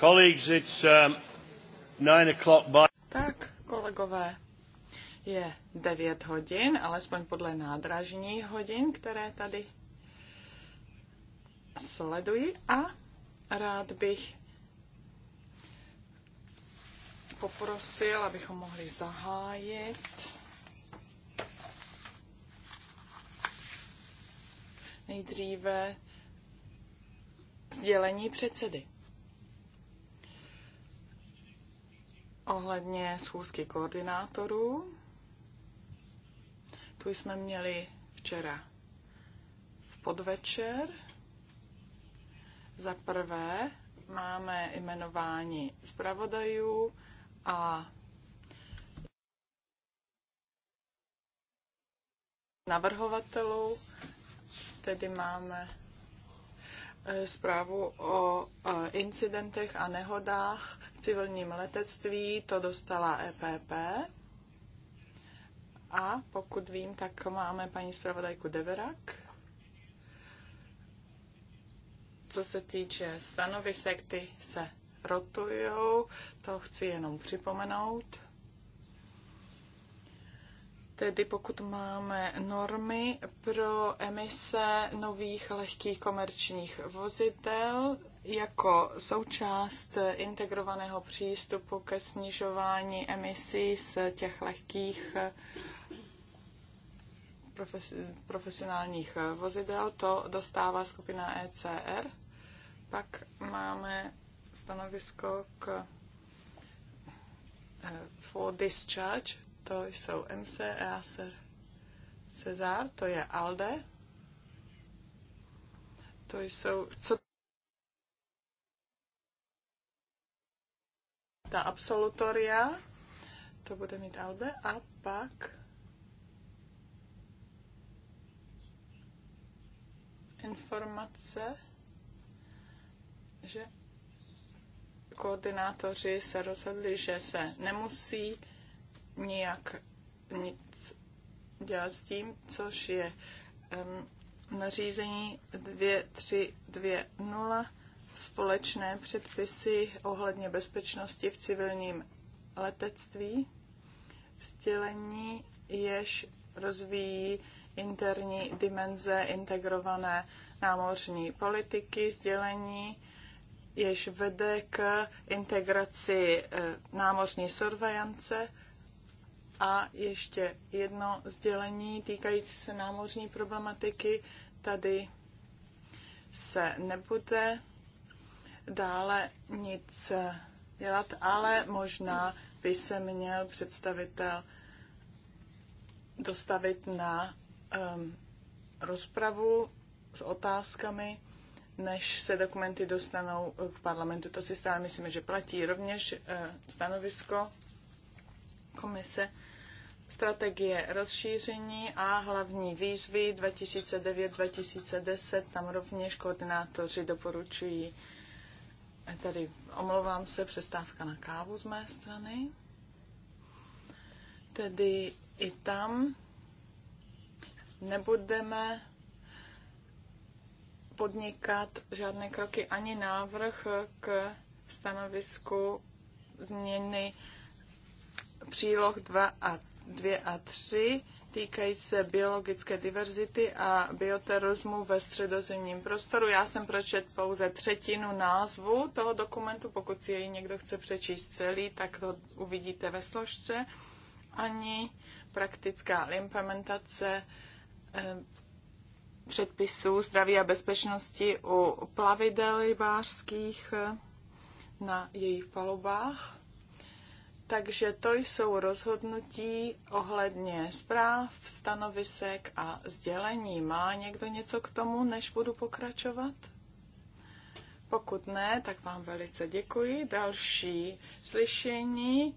Colleagues, it's um, nine o'clock by... Tak, kolegové, je 9 hodin, alespoň podle nádražní hodin, které tady sleduji a rád bych poprosil, abychom mohli zahájit. Nejdříve sdělení předsedy. ohledně schůzky koordinátorů. Tu jsme měli včera v podvečer. Za prvé máme jmenování zpravodajů a navrhovatelů. Tedy máme eh, zprávu o eh, incidentech a nehodách civilním letectví, to dostala EPP. A pokud vím, tak máme paní zpravodajku Deverak. Co se týče stanovisek, ty se rotujou, to chci jenom připomenout. Tedy pokud máme normy pro emise nových lehkých komerčních vozidel, jako součást integrovaného přístupu ke snižování emisí z těch lehkých eh, profes, profesionálních eh, vozidel. To dostává skupina ECR. Pak máme stanovisko k eh, for discharge. To jsou MC, EASER, Cezar, to je ALDE. To jsou, co ta absolutoria, to bude mít Albe, a pak informace, že koordinátoři se rozhodli, že se nemusí nijak nic dělat s tím, což je um, nařízení 2320 společné předpisy ohledně bezpečnosti v civilním letectví, vzdělení, jež rozvíjí interní dimenze integrované námořní politiky, sdělení, jež vede k integraci eh, námořní surveillance a ještě jedno sdělení týkající se námořní problematiky. Tady se nebude dále nic dělat, ale možná by se měl představitel dostavit na um, rozpravu s otázkami, než se dokumenty dostanou k parlamentu. To si stále myslíme, že platí. Rovněž uh, stanovisko komise strategie rozšíření a hlavní výzvy 2009-2010. Tam rovněž koordinátoři doporučují Tady omlouvám se, přestávka na kávu z mé strany. Tedy i tam nebudeme podnikat žádné kroky ani návrh k stanovisku změny příloh 2 a 2 a 3 týkají se biologické diverzity a bioterorismu ve středozemním prostoru. Já jsem pročet pouze třetinu názvu toho dokumentu, pokud si jej někdo chce přečíst celý, tak to uvidíte ve složce. Ani praktická implementace eh, předpisů zdraví a bezpečnosti u plavidel rybářských eh, na jejich palubách takže to jsou rozhodnutí ohledně zpráv, stanovisek a sdělení. Má někdo něco k tomu, než budu pokračovat? Pokud ne, tak vám velice děkuji. Další slyšení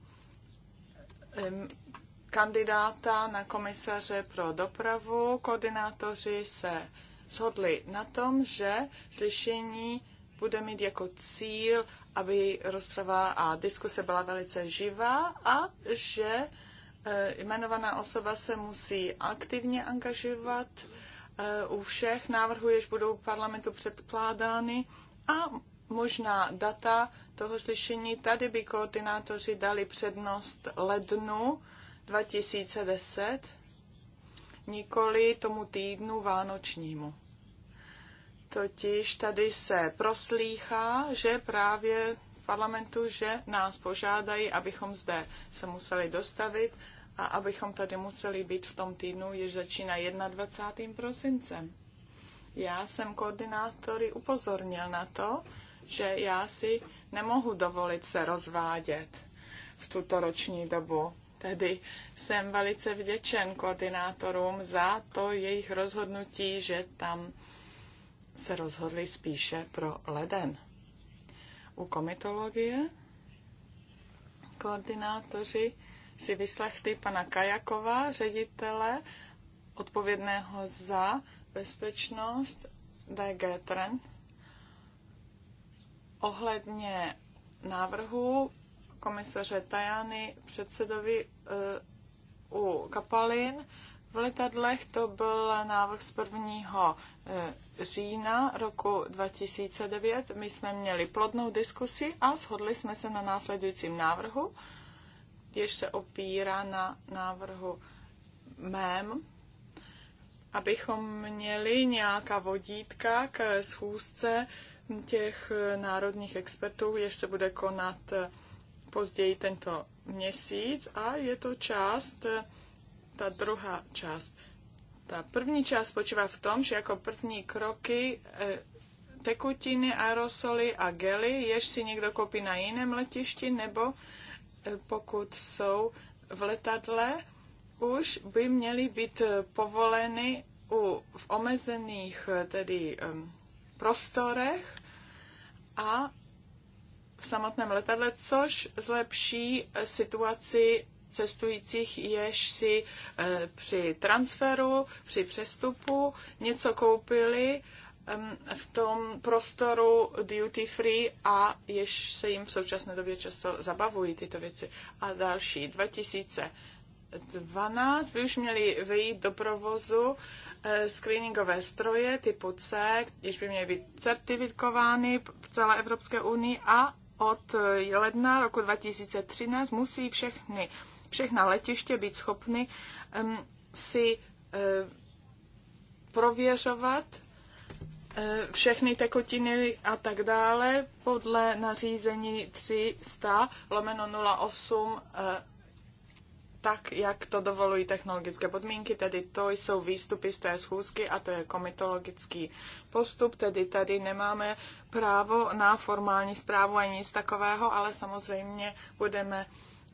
kandidáta na komisaře pro dopravu. Koordinátoři se shodli na tom, že slyšení bude mít jako cíl, aby rozprava a diskuse byla velice živá a že eh, jmenovaná osoba se musí aktivně angažovat eh, u všech návrhů, jež budou parlamentu předkládány a možná data toho slyšení. Tady by koordinátoři dali přednost lednu 2010, nikoli tomu týdnu vánočnímu. Totiž tady se proslýchá, že právě v parlamentu, že nás požádají, abychom zde se museli dostavit a abychom tady museli být v tom týdnu, jež začíná 21. prosincem. Já jsem koordinátory upozornil na to, že já si nemohu dovolit se rozvádět v tuto roční dobu. Tedy jsem velice vděčen koordinátorům za to jejich rozhodnutí, že tam se rozhodli spíše pro leden. U komitologie koordinátoři si vyslechli pana Kajakova, ředitele odpovědného za bezpečnost DG Trend ohledně návrhu komisaře Tajany předsedovi uh, u Kapalin. V letadlech to byl návrh z prvního Eh, října roku 2009 my jsme měli plodnou diskusi a shodli jsme se na následujícím návrhu, když se opírá na návrhu mém, abychom měli nějaká vodítka k schůzce těch národních expertů, jež se bude konat později tento měsíc a je to část, ta druhá část ta první část spočívá v tom, že jako první kroky e, tekutiny, aerosoly a gely, jež si někdo koupí na jiném letišti, nebo e, pokud jsou v letadle, už by měly být e, povoleny u, v omezených tedy prostorech a v samotném letadle, což zlepší situaci cestujících, jež si eh, při transferu, při přestupu něco koupili v tom prostoru duty free a jež se jim v současné době často zabavují tyto věci. A další, 2012 by už měli vejít do provozu eh, screeningové stroje typu C, jež by měly být certifikovány v celé Evropské unii a od eh, ledna roku 2013 musí všechny všechna letiště být schopny um, si um, prověřovat eh, všechny tekutiny a tak dále podle nařízení 300 lomeno 08 eh, tak, jak to dovolují technologické podmínky, tedy to jsou výstupy z té schůzky a to je komitologický postup, tedy tady nemáme právo na formální zprávu ani nic takového, ale samozřejmě budeme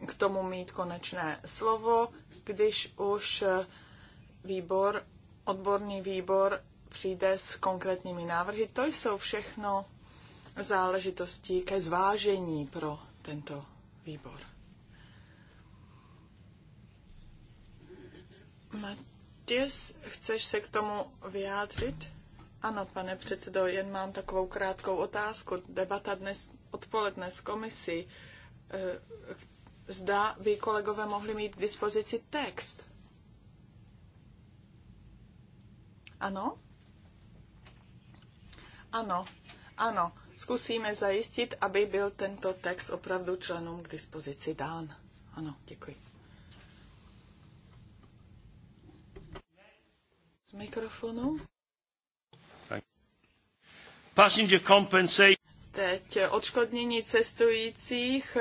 k tomu mít konečné slovo, když už výbor, odborný výbor přijde s konkrétními návrhy. To jsou všechno záležitosti ke zvážení pro tento výbor. Matěs, chceš se k tomu vyjádřit? Ano, pane předsedo, jen mám takovou krátkou otázku. Debata dnes odpoledne s komisí, eh, zda by kolegové mohli mít k dispozici text. Ano? Ano, ano. Zkusíme zajistit, aby byl tento text opravdu členům k dispozici dán. Ano, děkuji. Z mikrofonu. Passenger compensation. Teď odškodnění cestujících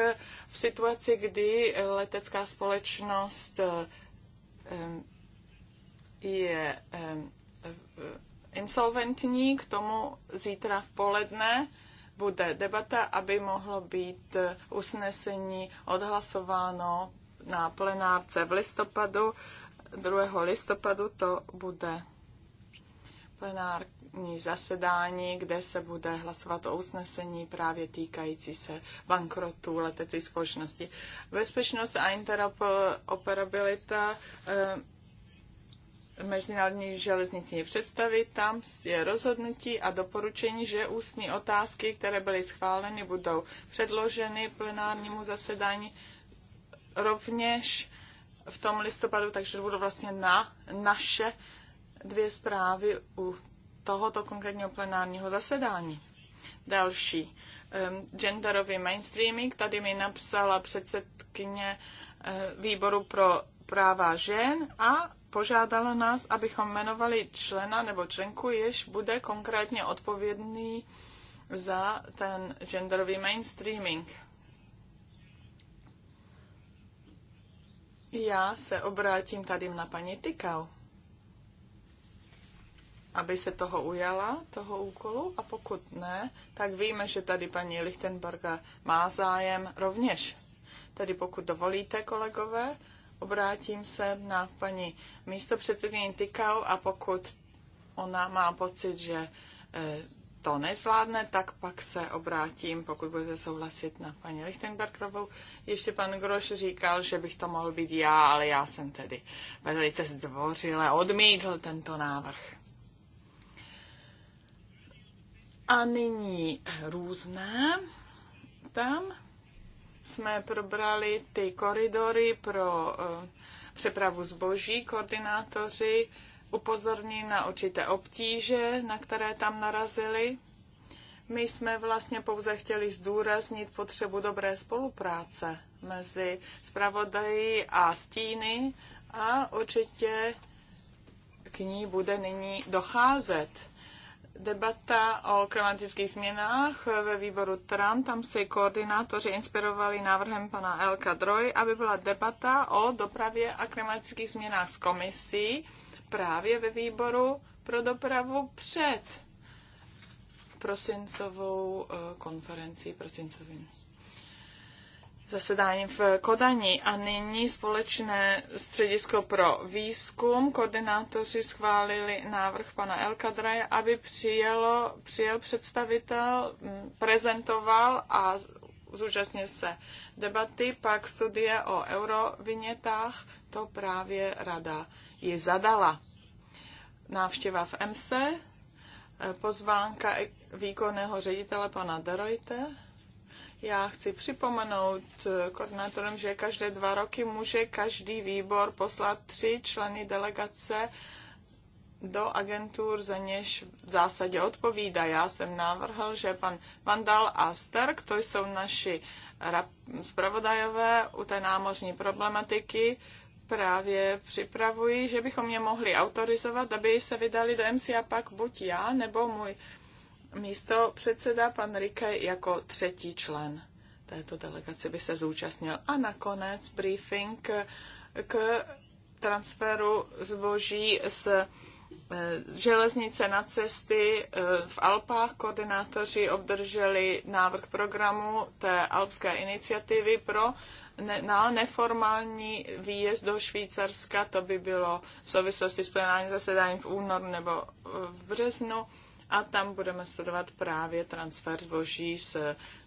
v situaci, kdy letecká společnost eh, je insolventní, k tomu zítra v poledne bude debata, aby mohlo být eh, usnesení odhlasováno na plenárce v listopadu. 2. listopadu to bude plenární zasedání, kde se bude hlasovat o usnesení právě týkající se bankrotu letecí společnosti. Bezpečnost a interoperabilita eh, mezinárodní železniční představy, tam je rozhodnutí a doporučení, že ústní otázky, které byly schváleny, budou předloženy plenárnímu zasedání rovněž v tom listopadu, takže budou vlastně na naše dvě zprávy u tohoto konkrétního plenárního zasedání. Další. Um, genderový mainstreaming. Tady mi napsala předsedkyně eh, výboru pro práva žen a požádala nás, abychom jmenovali člena nebo členku, jež bude konkrétně odpovědný za ten genderový mainstreaming. Já se obrátím tady na paní Tykau aby se toho ujala, toho úkolu, a pokud ne, tak víme, že tady paní Lichtenberga má zájem rovněž. Tedy pokud dovolíte, kolegové, obrátím se na paní místopředsedkyni Tykau a pokud ona má pocit, že e, to nezvládne, tak pak se obrátím, pokud budete souhlasit na paní Lichtenbergerovou. Ještě pan Groš říkal, že bych to mohl být já, ale já jsem tedy velice zdvořile odmítl tento návrh. A nyní různé. Tam jsme probrali ty koridory pro eh, přepravu zboží. Koordinátoři upozorní na určité obtíže, na které tam narazili. My jsme vlastně pouze chtěli zdůraznit potřebu dobré spolupráce mezi zpravodají a stíny a určitě k ní bude nyní docházet debata o klimatických změnách ve výboru TRAN. Tam se koordinátoři inspirovali návrhem pana Elka Droj, aby byla debata o dopravě a klimatických změnách s komisí právě ve výboru pro dopravu před prosincovou eh, konferencí prosincovým zasedání v Kodani a nyní společné středisko pro výzkum. Koordinátoři schválili návrh pana Elkadraje, aby přijelo, přijel představitel, mm, prezentoval a zúčastnil se debaty, pak studie o eurovinětách, to právě rada ji zadala. Návštěva v EMSE, pozvánka e- výkonného ředitele pana Deroite, já chci připomenout koordinátorům, že každé dva roky může každý výbor poslat tři členy delegace do agentur, za něž v zásadě odpovídá. Já jsem navrhl, že pan Vandal a Sterk, to jsou naši zpravodajové u té námořní problematiky, právě připravují, že bychom je mohli autorizovat, aby se vydali do MC a pak buď já nebo můj místo předseda pan Rike jako třetí člen této delegace by se zúčastnil. A nakonec briefing k transferu zboží z eh, železnice na cesty eh, v Alpách. Koordinátoři obdrželi návrh programu té alpské iniciativy pro ne, na neformální výjezd do Švýcarska. To by bylo v souvislosti s plenárním zasedáním v únoru nebo v březnu a tam budeme sledovat právě transfer zboží z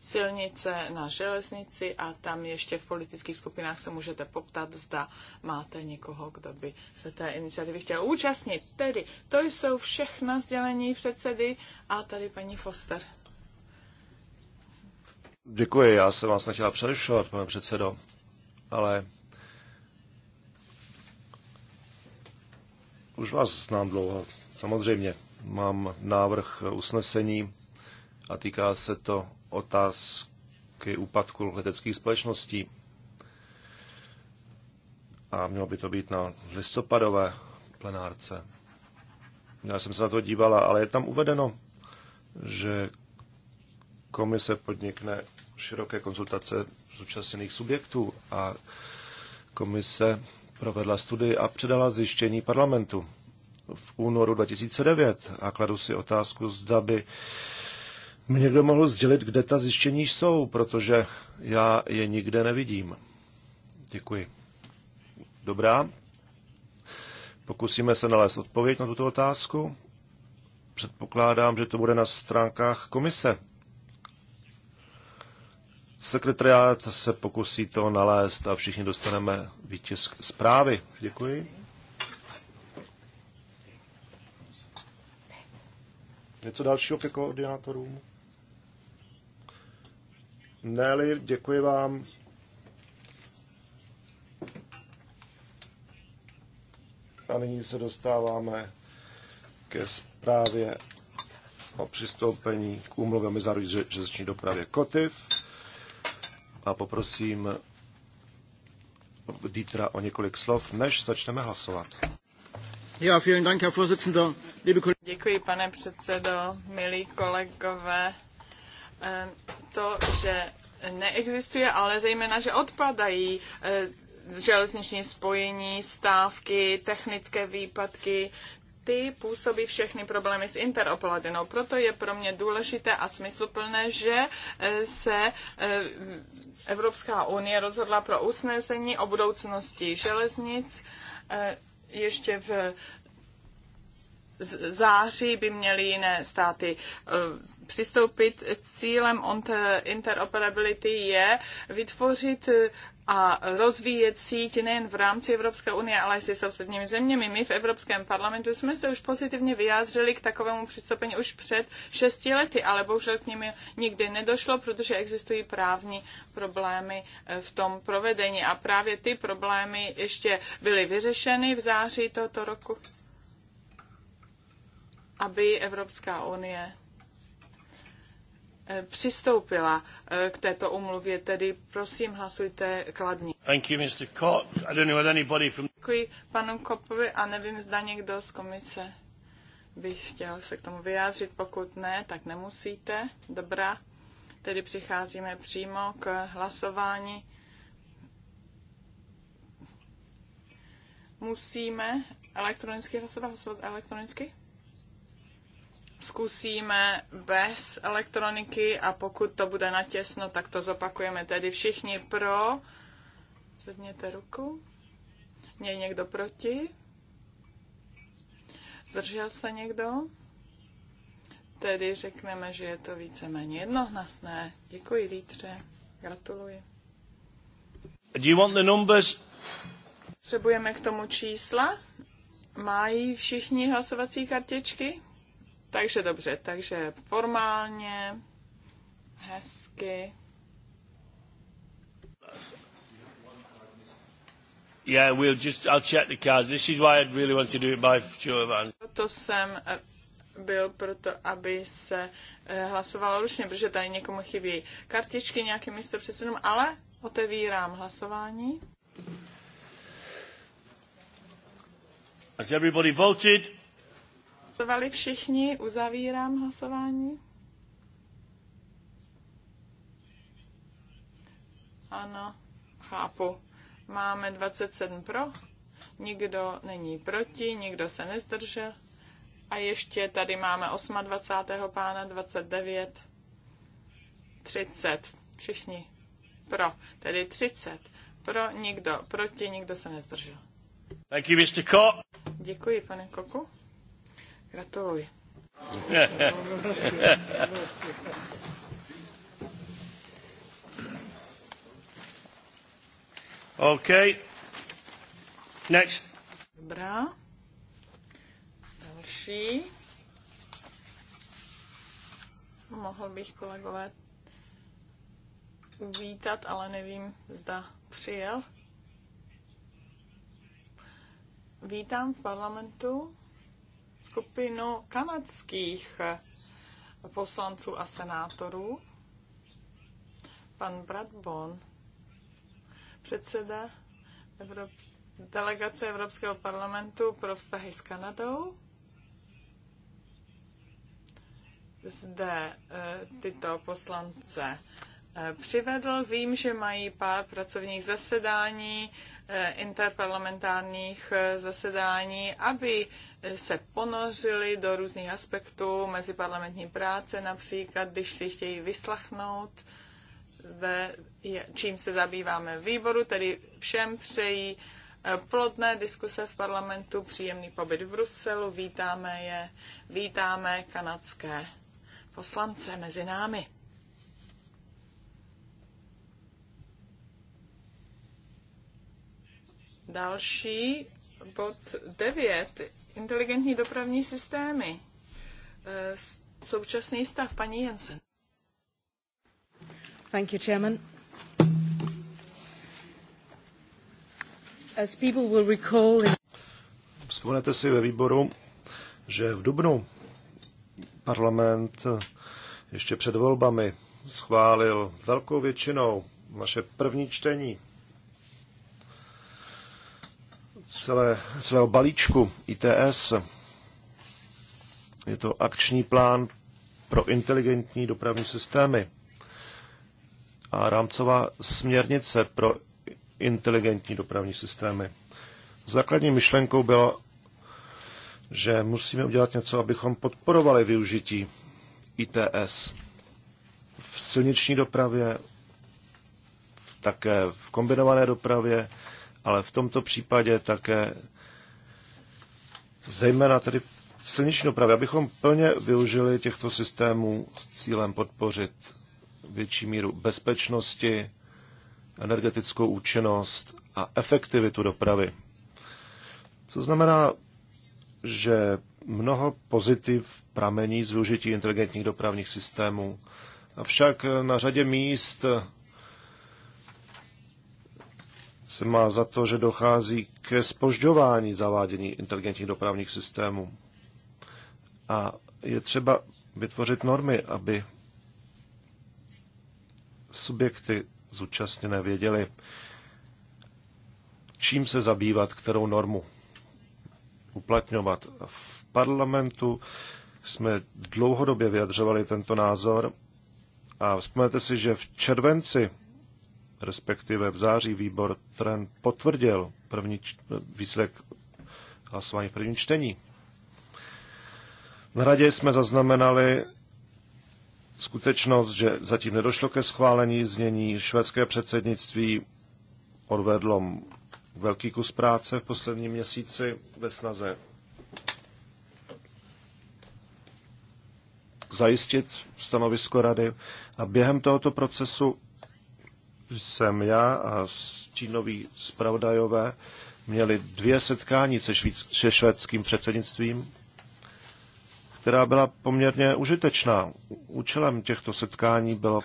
silnice na železnici a tam ještě v politických skupinách se můžete poptat, zda máte někoho, kdo by se té iniciativy chtěl účastnit. Tedy to jsou všechna sdělení předsedy a tady paní Foster. Děkuji, já jsem vás nechtěla přerušovat, pane předsedo, ale už vás znám dlouho, samozřejmě. Mám návrh usnesení a týká se to otázky úpadku leteckých společností. A mělo by to být na listopadové plenárce. Já jsem se na to dívala, ale je tam uvedeno, že komise podnikne široké konzultace zúčastněných subjektů a komise provedla studii a předala zjištění parlamentu v únoru 2009 a kladu si otázku, zda by mě někdo mohl sdělit, kde ta zjištění jsou, protože já je nikde nevidím. Děkuji. Dobrá. Pokusíme se nalézt odpověď na tuto otázku. Předpokládám, že to bude na stránkách komise. Sekretariát se pokusí to nalézt a všichni dostaneme výtisk zprávy. Děkuji. Něco dalšího ke koordinátorům? Nelly, děkuji vám. A nyní se dostáváme ke zprávě o přistoupení k úmluvě o mezinárodní železniční dopravě Kotiv. A poprosím Dítra o několik slov, než začneme hlasovat. Ja, vielen Dank, Herr Vorsitzender, liebe Kollegen. Děkuji, pane předsedo, milí kolegové. Ehm, to, že neexistuje, ale zejména, že odpadají ehm, železniční spojení, stávky, technické výpadky, ty působí všechny problémy s interoperabilitou. Proto je pro mě důležité a smysluplné, že ehm, se Evropská unie rozhodla pro usnesení o budoucnosti železnic ještě v září by měly jiné státy eh, přistoupit. Cílem interoperability je vytvořit eh, a rozvíjet síť nejen v rámci Evropské unie, ale i se sousedními zeměmi. My v Evropském parlamentu jsme se už pozitivně vyjádřili k takovému přistoupení už před šesti lety, ale bohužel k nimi nikdy nedošlo, protože existují právní problémy eh, v tom provedení. A právě ty problémy ještě byly vyřešeny v září tohoto roku, aby Evropská unie Eh, přistoupila eh, k této umluvě, tedy prosím hlasujte kladně. Thank you, Mr. I don't know anybody from... Děkuji panu Kopovi a nevím, zda někdo z komise by chtěl se k tomu vyjádřit. Pokud ne, tak nemusíte. Dobrá. Tedy přicházíme přímo k hlasování. Musíme elektronicky hlasovat, hlasovat elektronicky? zkusíme bez elektroniky a pokud to bude natěsno, tak to zopakujeme. Tedy všichni pro. Zvedněte ruku. Měj někdo proti? Zdržel se někdo? Tedy řekneme, že je to víceméně jednohlasné. Děkuji, Lítře. Gratuluji. Do you want the numbers? Potřebujeme k tomu čísla? Mají všichni hlasovací kartičky? Takže dobře, takže formálně, hezky. Yeah, we'll just, I'll check the cards. This is why I'd really want to do it by Jovan. Proto jsem eh, byl proto, aby se eh, hlasovalo ručně, protože tady někomu chybí kartičky, nějakým místo předsedům, ale otevírám hlasování. Has everybody voted? Hlasovali všichni, uzavírám hlasování. Ano, chápu. Máme 27 pro, nikdo není proti, nikdo se nezdržel. A ještě tady máme 28. pána 29, 30. Všichni pro, tedy 30. Pro, nikdo proti, nikdo se nezdržel. Thank you, Mr. Koch. Děkuji, pane Koku. Gratuluji. OK. Next. Dobrá. Další. Mohl bych kolegové uvítat, ale nevím, zda přijel. Vítám v parlamentu skupinu kanadských poslanců a senátorů. Pan Bradbon, předseda Evrop... delegace Evropského parlamentu pro vztahy s Kanadou. Zde eh, tyto poslance eh, přivedl. Vím, že mají pár pracovních zasedání, eh, interparlamentárních zasedání, aby se ponořili do různých aspektů meziparlamentní práce, například když si chtějí vyslachnout, ve, čím se zabýváme výboru, tedy všem přejí eh, plodné diskuse v parlamentu, příjemný pobyt v Bruselu, vítáme je, vítáme kanadské poslance mezi námi. Další bod 9 inteligentní dopravní systémy. E, současný stav, paní Jensen. Thank you, Chairman. As people will recall... Vzpomenete si ve výboru, že v Dubnu parlament ještě před volbami schválil velkou většinou naše první čtení celé, svého balíčku ITS. Je to akční plán pro inteligentní dopravní systémy a rámcová směrnice pro inteligentní dopravní systémy. Základní myšlenkou bylo, že musíme udělat něco, abychom podporovali využití ITS v silniční dopravě, také v kombinované dopravě, ale v tomto případě také zejména tedy v silniční dopravě, abychom plně využili těchto systémů s cílem podpořit větší míru bezpečnosti, energetickou účinnost a efektivitu dopravy. Co znamená, že mnoho pozitiv pramení z využití inteligentních dopravních systémů. Avšak na řadě míst se má za to, že dochází ke spožďování zavádění inteligentních dopravních systémů. A je třeba vytvořit normy, aby subjekty zúčastněné věděli, čím se zabývat, kterou normu uplatňovat. V parlamentu jsme dlouhodobě vyjadřovali tento názor a vzpomněte si, že v červenci respektive v září výbor TREN potvrdil první výsledek hlasování v prvním čtení. Na radě jsme zaznamenali skutečnost, že zatím nedošlo ke schválení znění. Švédské předsednictví odvedlo velký kus práce v posledním měsíci ve snaze zajistit stanovisko rady a během tohoto procesu jsem já a stínoví zpravodajové měli dvě setkání se, švíc, se švédským předsednictvím, která byla poměrně užitečná. Účelem těchto setkání bylo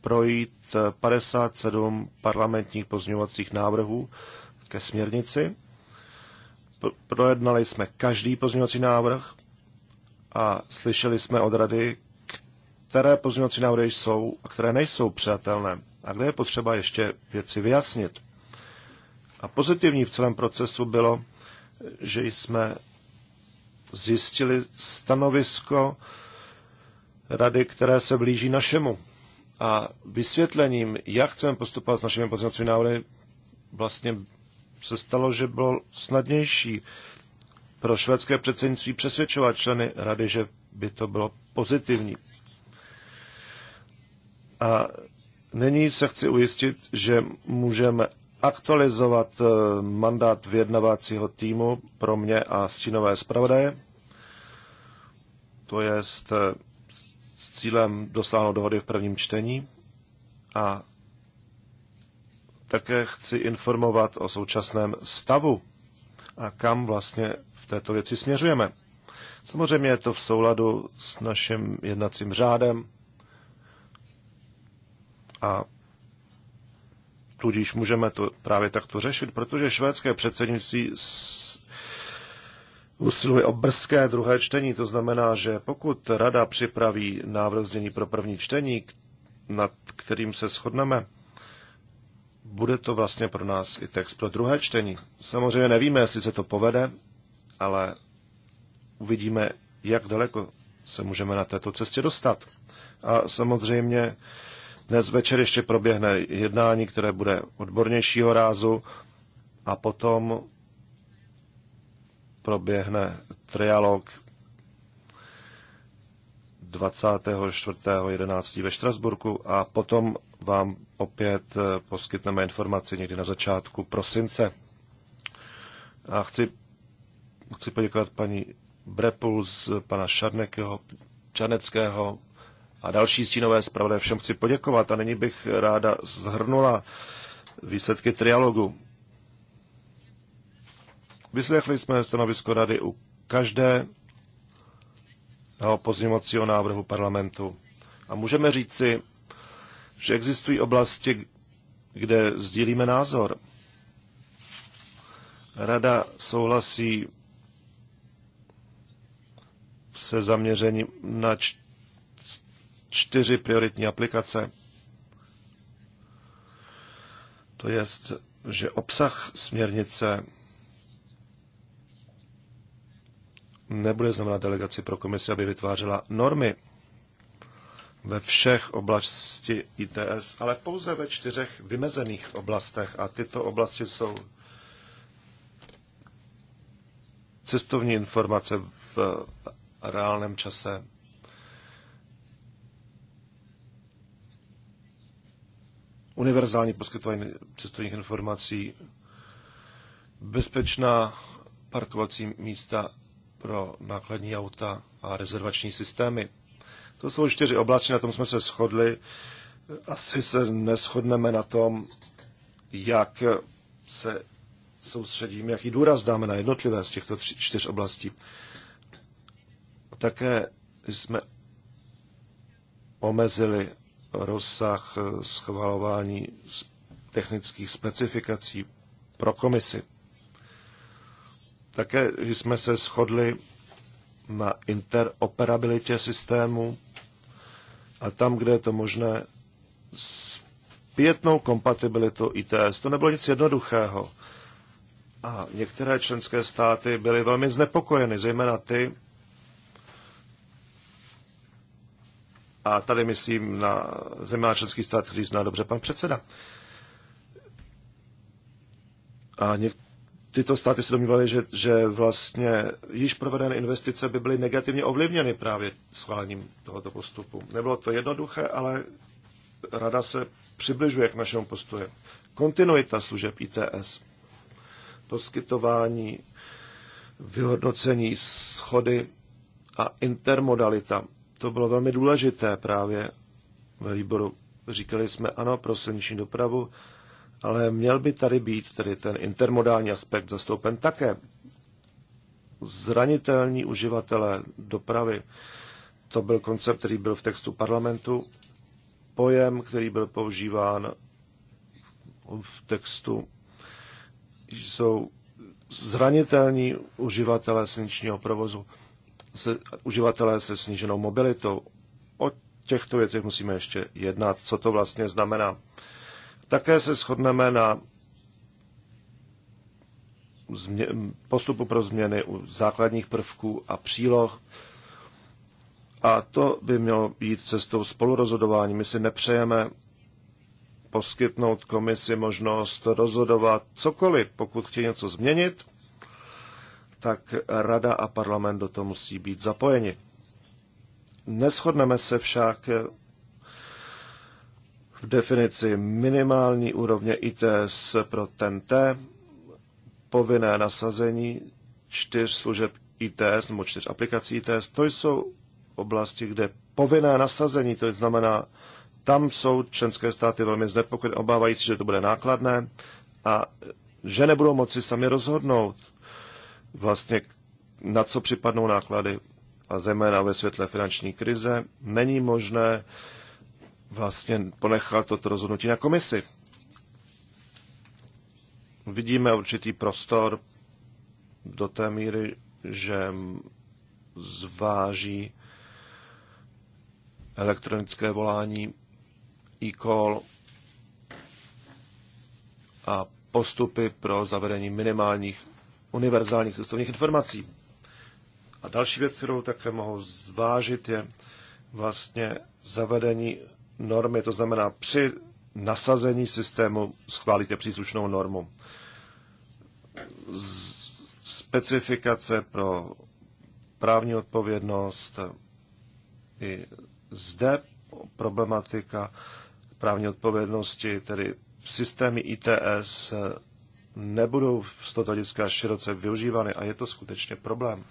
projít 57 parlamentních pozměňovacích návrhů ke směrnici. Projednali jsme každý pozměňovací návrh a slyšeli jsme od rady, které pozměňovací návrhy jsou a které nejsou přijatelné a kde je potřeba ještě věci vyjasnit. A pozitivní v celém procesu bylo, že jsme zjistili stanovisko rady, které se blíží našemu. A vysvětlením, jak chceme postupovat s našimi pozitivními návrhy, vlastně se stalo, že bylo snadnější pro švédské předsednictví přesvědčovat členy rady, že by to bylo pozitivní. A Nyní se chci ujistit, že můžeme aktualizovat eh, mandát vyjednavacího týmu pro mě a stínové zpravodaje. To je eh, s cílem dosáhnout dohody v prvním čtení a také chci informovat o současném stavu a kam vlastně v této věci směřujeme. Samozřejmě je to v souladu s naším jednacím řádem, a tudíž můžeme to právě takto řešit, protože švédské předsednictví usiluje o brzké druhé čtení. To znamená, že pokud rada připraví návrh znění pro první čtení, nad kterým se shodneme, bude to vlastně pro nás i text pro druhé čtení. Samozřejmě nevíme, jestli se to povede, ale uvidíme, jak daleko se můžeme na této cestě dostat. A samozřejmě dnes večer ještě proběhne jednání, které bude odbornějšího rázu a potom proběhne trialog 24.11. ve Štrasburku a potom vám opět eh, poskytneme informaci někdy na začátku prosince. A chci, chci poděkovat paní Brepuls, pana Šarneckého, Čaneckého, a další stínové zpravodaj. Všem chci poděkovat a nyní bych ráda zhrnula výsledky trialogu. Vyslechli jsme stanovisko rady u každé pozměňovacího návrhu parlamentu. A můžeme říci, že existují oblasti, kde sdílíme názor. Rada souhlasí se zaměřením na čtyři čtyři prioritní aplikace. To je, že obsah směrnice nebude znamenat delegaci pro komisi, aby vytvářela normy ve všech oblasti ITS, ale pouze ve čtyřech vymezených oblastech. A tyto oblasti jsou cestovní informace v reálném čase, univerzální poskytování cestovních informací, bezpečná parkovací místa pro nákladní auta a rezervační systémy. To jsou čtyři oblasti, na tom jsme se shodli. Asi se neschodneme na tom, jak se soustředíme, jaký důraz dáme na jednotlivé z těchto tři, čtyř oblastí. Také jsme omezili rozsah eh, schvalování technických specifikací pro komisi. Také jsme se shodli na interoperabilitě systému a tam, kde je to možné, zpětnou kompatibilitu ITS. To nebylo nic jednoduchého. A některé členské státy byly velmi znepokojeny, zejména ty, a tady myslím na země členský stát, který zná dobře pan předseda. A něk- tyto státy se domnívaly, že, že vlastně již provedené investice by byly negativně ovlivněny právě schválením tohoto postupu. Nebylo to jednoduché, ale rada se přibližuje k našemu postoji. Kontinuita služeb ITS, poskytování, vyhodnocení schody a intermodalita to bylo velmi důležité právě ve výboru. Říkali jsme ano pro silniční dopravu, ale měl by tady být tedy ten intermodální aspekt zastoupen také. Zranitelní uživatelé dopravy. To byl koncept, který byl v textu parlamentu. Pojem, který byl používán v textu, jsou zranitelní uživatelé silničního provozu se, uživatelé se sníženou mobilitou. O těchto věcech musíme ještě jednat, co to vlastně znamená. Také se shodneme na postupu pro změny u základních prvků a příloh. A to by mělo být cestou spolurozhodování. My si nepřejeme poskytnout komisi možnost rozhodovat cokoliv, pokud chtějí něco změnit, tak Rada a parlament do toho musí být zapojeni. Neschodneme se však v definici minimální úrovně ITS pro TNT, povinné nasazení čtyř služeb ITS nebo čtyř aplikací ITS, to jsou oblasti, kde povinné nasazení, to znamená, tam jsou členské státy velmi znepokojené, obávají se, že to bude nákladné a že nebudou moci sami rozhodnout vlastně na co připadnou náklady a zejména ve světle finanční krize, není možné vlastně ponechat toto rozhodnutí na komisi. Vidíme určitý prostor do té míry, že zváží elektronické volání e-call a postupy pro zavedení minimálních univerzálních cestovních informací. A další věc, kterou také mohou zvážit, je vlastně zavedení normy, to znamená při nasazení systému schválíte příslušnou normu. Specifikace pro právní odpovědnost i zde problematika právní odpovědnosti, tedy systémy ITS nebudou v toho hlediska široce využívány a je to skutečně problém.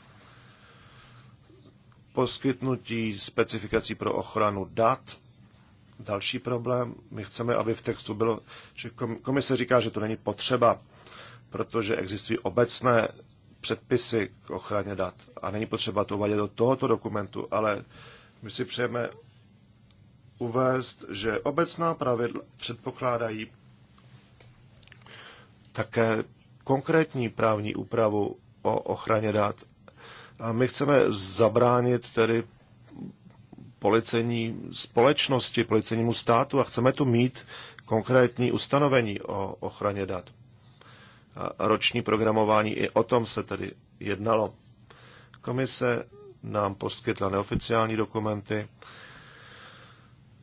Poskytnutí specifikací pro ochranu dat, další problém. My chceme, aby v textu bylo, že komise říká, že to není potřeba, protože existují obecné předpisy k ochraně dat a není potřeba to uvádět do tohoto dokumentu, ale my si přejeme uvést, že obecná pravidla předpokládají také konkrétní právní úpravu o ochraně dát? A my chceme zabránit tedy policení společnosti, policejnímu státu a chceme tu mít konkrétní ustanovení o ochraně dat. A roční programování, i o tom se tedy jednalo. Komise nám poskytla neoficiální dokumenty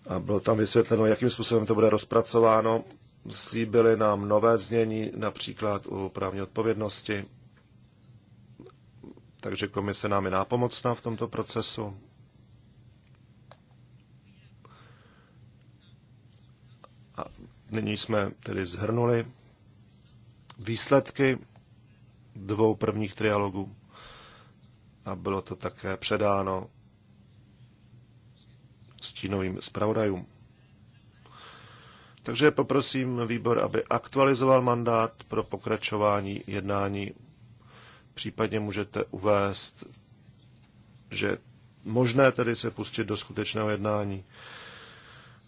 a bylo tam vysvětleno, jakým způsobem to bude rozpracováno slíbili nám nové znění, například u právní odpovědnosti. Takže komise nám je nápomocná v tomto procesu. A nyní jsme tedy zhrnuli výsledky dvou prvních trialogů a bylo to také předáno stínovým zpravodajům. Takže poprosím výbor, aby aktualizoval mandát pro pokračování jednání. Případně můžete uvést, že možné tedy se pustit do skutečného jednání,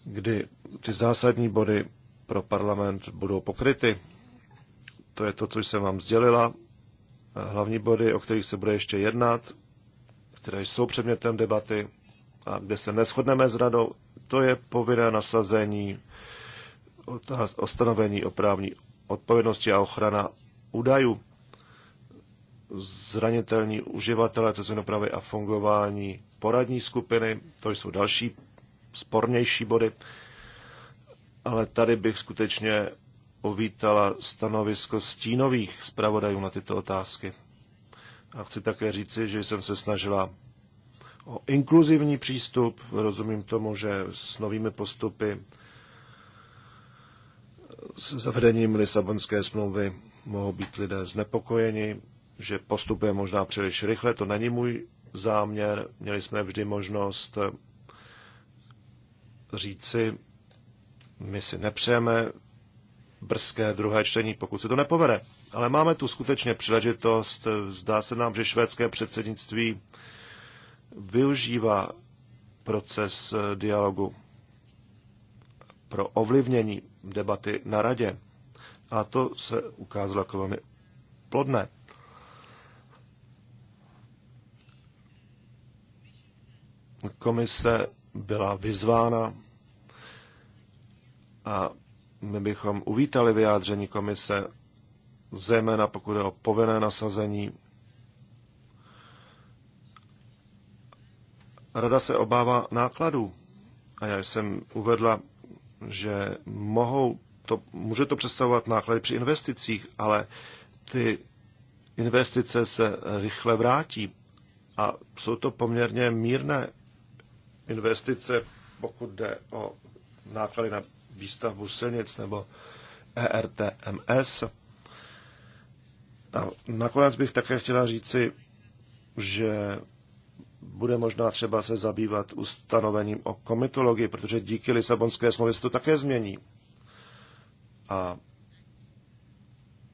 kdy ty zásadní body pro parlament budou pokryty. To je to, co jsem vám sdělila. Hlavní body, o kterých se bude ještě jednat, které jsou předmětem debaty a kde se neschodneme s radou, to je povinné nasazení ostanovení o právní odpovědnosti a ochrana údajů, zranitelní uživatelé cestovní a fungování poradní skupiny, to jsou další spornější body, ale tady bych skutečně uvítala stanovisko stínových zpravodajů na tyto otázky. A chci také říci, že jsem se snažila o inkluzivní přístup. Rozumím tomu, že s novými postupy s zavedením Lisabonské smlouvy mohou být lidé znepokojeni, že postupuje možná příliš rychle. To není můj záměr. Měli jsme vždy možnost eh, říci, my si nepřejeme brzké druhé čtení, pokud se to nepovede. Ale máme tu skutečně příležitost. Eh, zdá se nám, že švédské předsednictví využívá proces eh, dialogu pro ovlivnění debaty na radě. A to se ukázalo jako velmi plodné. Komise byla vyzvána a my bychom uvítali vyjádření komise, zejména pokud je o povinné nasazení. Rada se obává nákladů a já jsem uvedla že mohou to, může to představovat náklady při investicích, ale ty investice se rychle vrátí a jsou to poměrně mírné investice, pokud jde o náklady na výstavbu silnic nebo ERTMS. A nakonec bych také chtěla říci, že bude možná třeba se zabývat ustanovením o komitologii, protože díky Lisabonské smlouvě se to také změní. A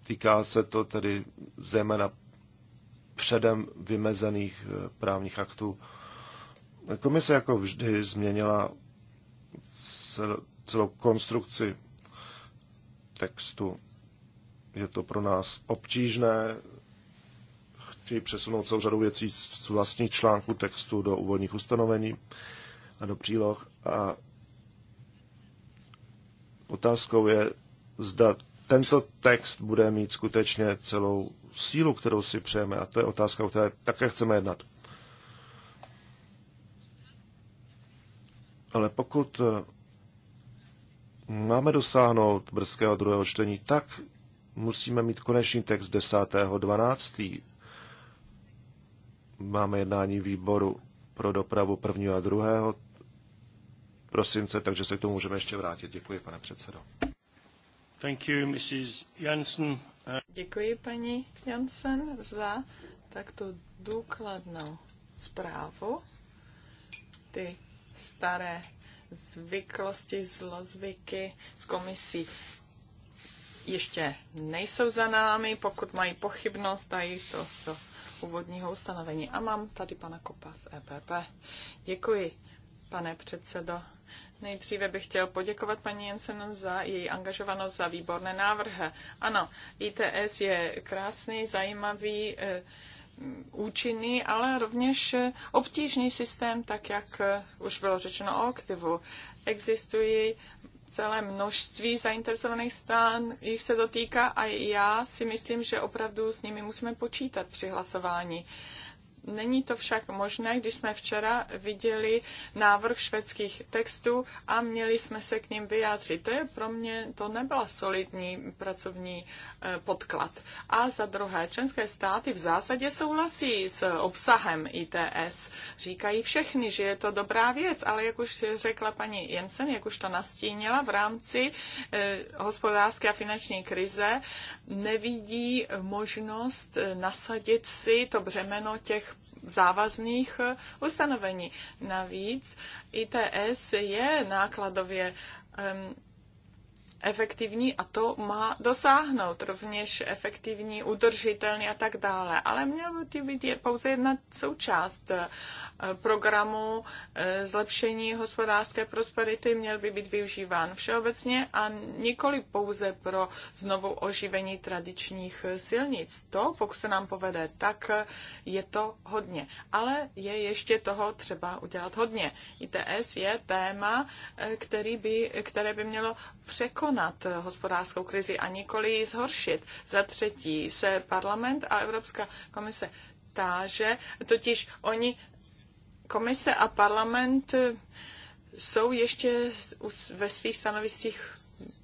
týká se to tedy zejména předem vymezených eh, právních aktů. Komise jako vždy změnila celou konstrukci textu. Je to pro nás obtížné chtějí přesunout celou řadu věcí z vlastních článků textu do úvodních ustanovení a do příloh. A otázkou je, zda tento text bude mít skutečně celou sílu, kterou si přejeme. A to je otázka, o které také chceme jednat. Ale pokud eh, máme dosáhnout brzkého druhého čtení, tak musíme mít konečný text 10.12 máme jednání výboru pro dopravu prvního a druhého prosince, takže se k tomu můžeme ještě vrátit. Děkuji, pane předsedo. Thank you, Mrs. Jansen. Děkuji, paní Jansen, za takto důkladnou zprávu. Ty staré zvyklosti, zlozvyky z komisí ještě nejsou za námi, pokud mají pochybnost, dají to, to úvodního ustanovení. A mám tady pana Kopa z EPP. Děkuji, pane předsedo. Nejdříve bych chtěl poděkovat paní Jensen za její angažovanost, za výborné návrhy. Ano, ITS je krásný, zajímavý, eh, účinný, ale rovněž eh, obtížný systém, tak jak eh, už bylo řečeno o aktivu. Existují celé množství zainteresovaných stran, jich se dotýká a já si myslím, že opravdu s nimi musíme počítat při hlasování. Není to však možné, když jsme včera viděli návrh švédských textů a měli jsme se k ním vyjádřit. To je pro mě, to nebyla solidní pracovní eh, podklad. A za druhé, členské státy v zásadě souhlasí s obsahem ITS. Říkají všechny, že je to dobrá věc, ale jak už řekla paní Jensen, jak už to nastínila, v rámci eh, hospodářské a finanční krize nevidí možnost eh, nasadit si to břemeno těch závazných eh, ustanovení. Navíc ITS je nákladově efektivní a to má dosáhnout, rovněž efektivní, udržitelný a tak dále. Ale měl by to být pouze jedna součást eh, programu eh, zlepšení hospodářské prosperity, měl by být využíván všeobecně a nikoli pouze pro znovu oživení tradičních eh, silnic. To, pokud se nám povede, tak je to hodně. Ale je ještě toho třeba udělat hodně. ITS je téma, který by, které by mělo překonat překonat hospodářskou krizi a nikoli ji zhoršit. Za třetí se parlament a Evropská komise táže, totiž oni, komise a parlament jsou ještě ve svých stanoviscích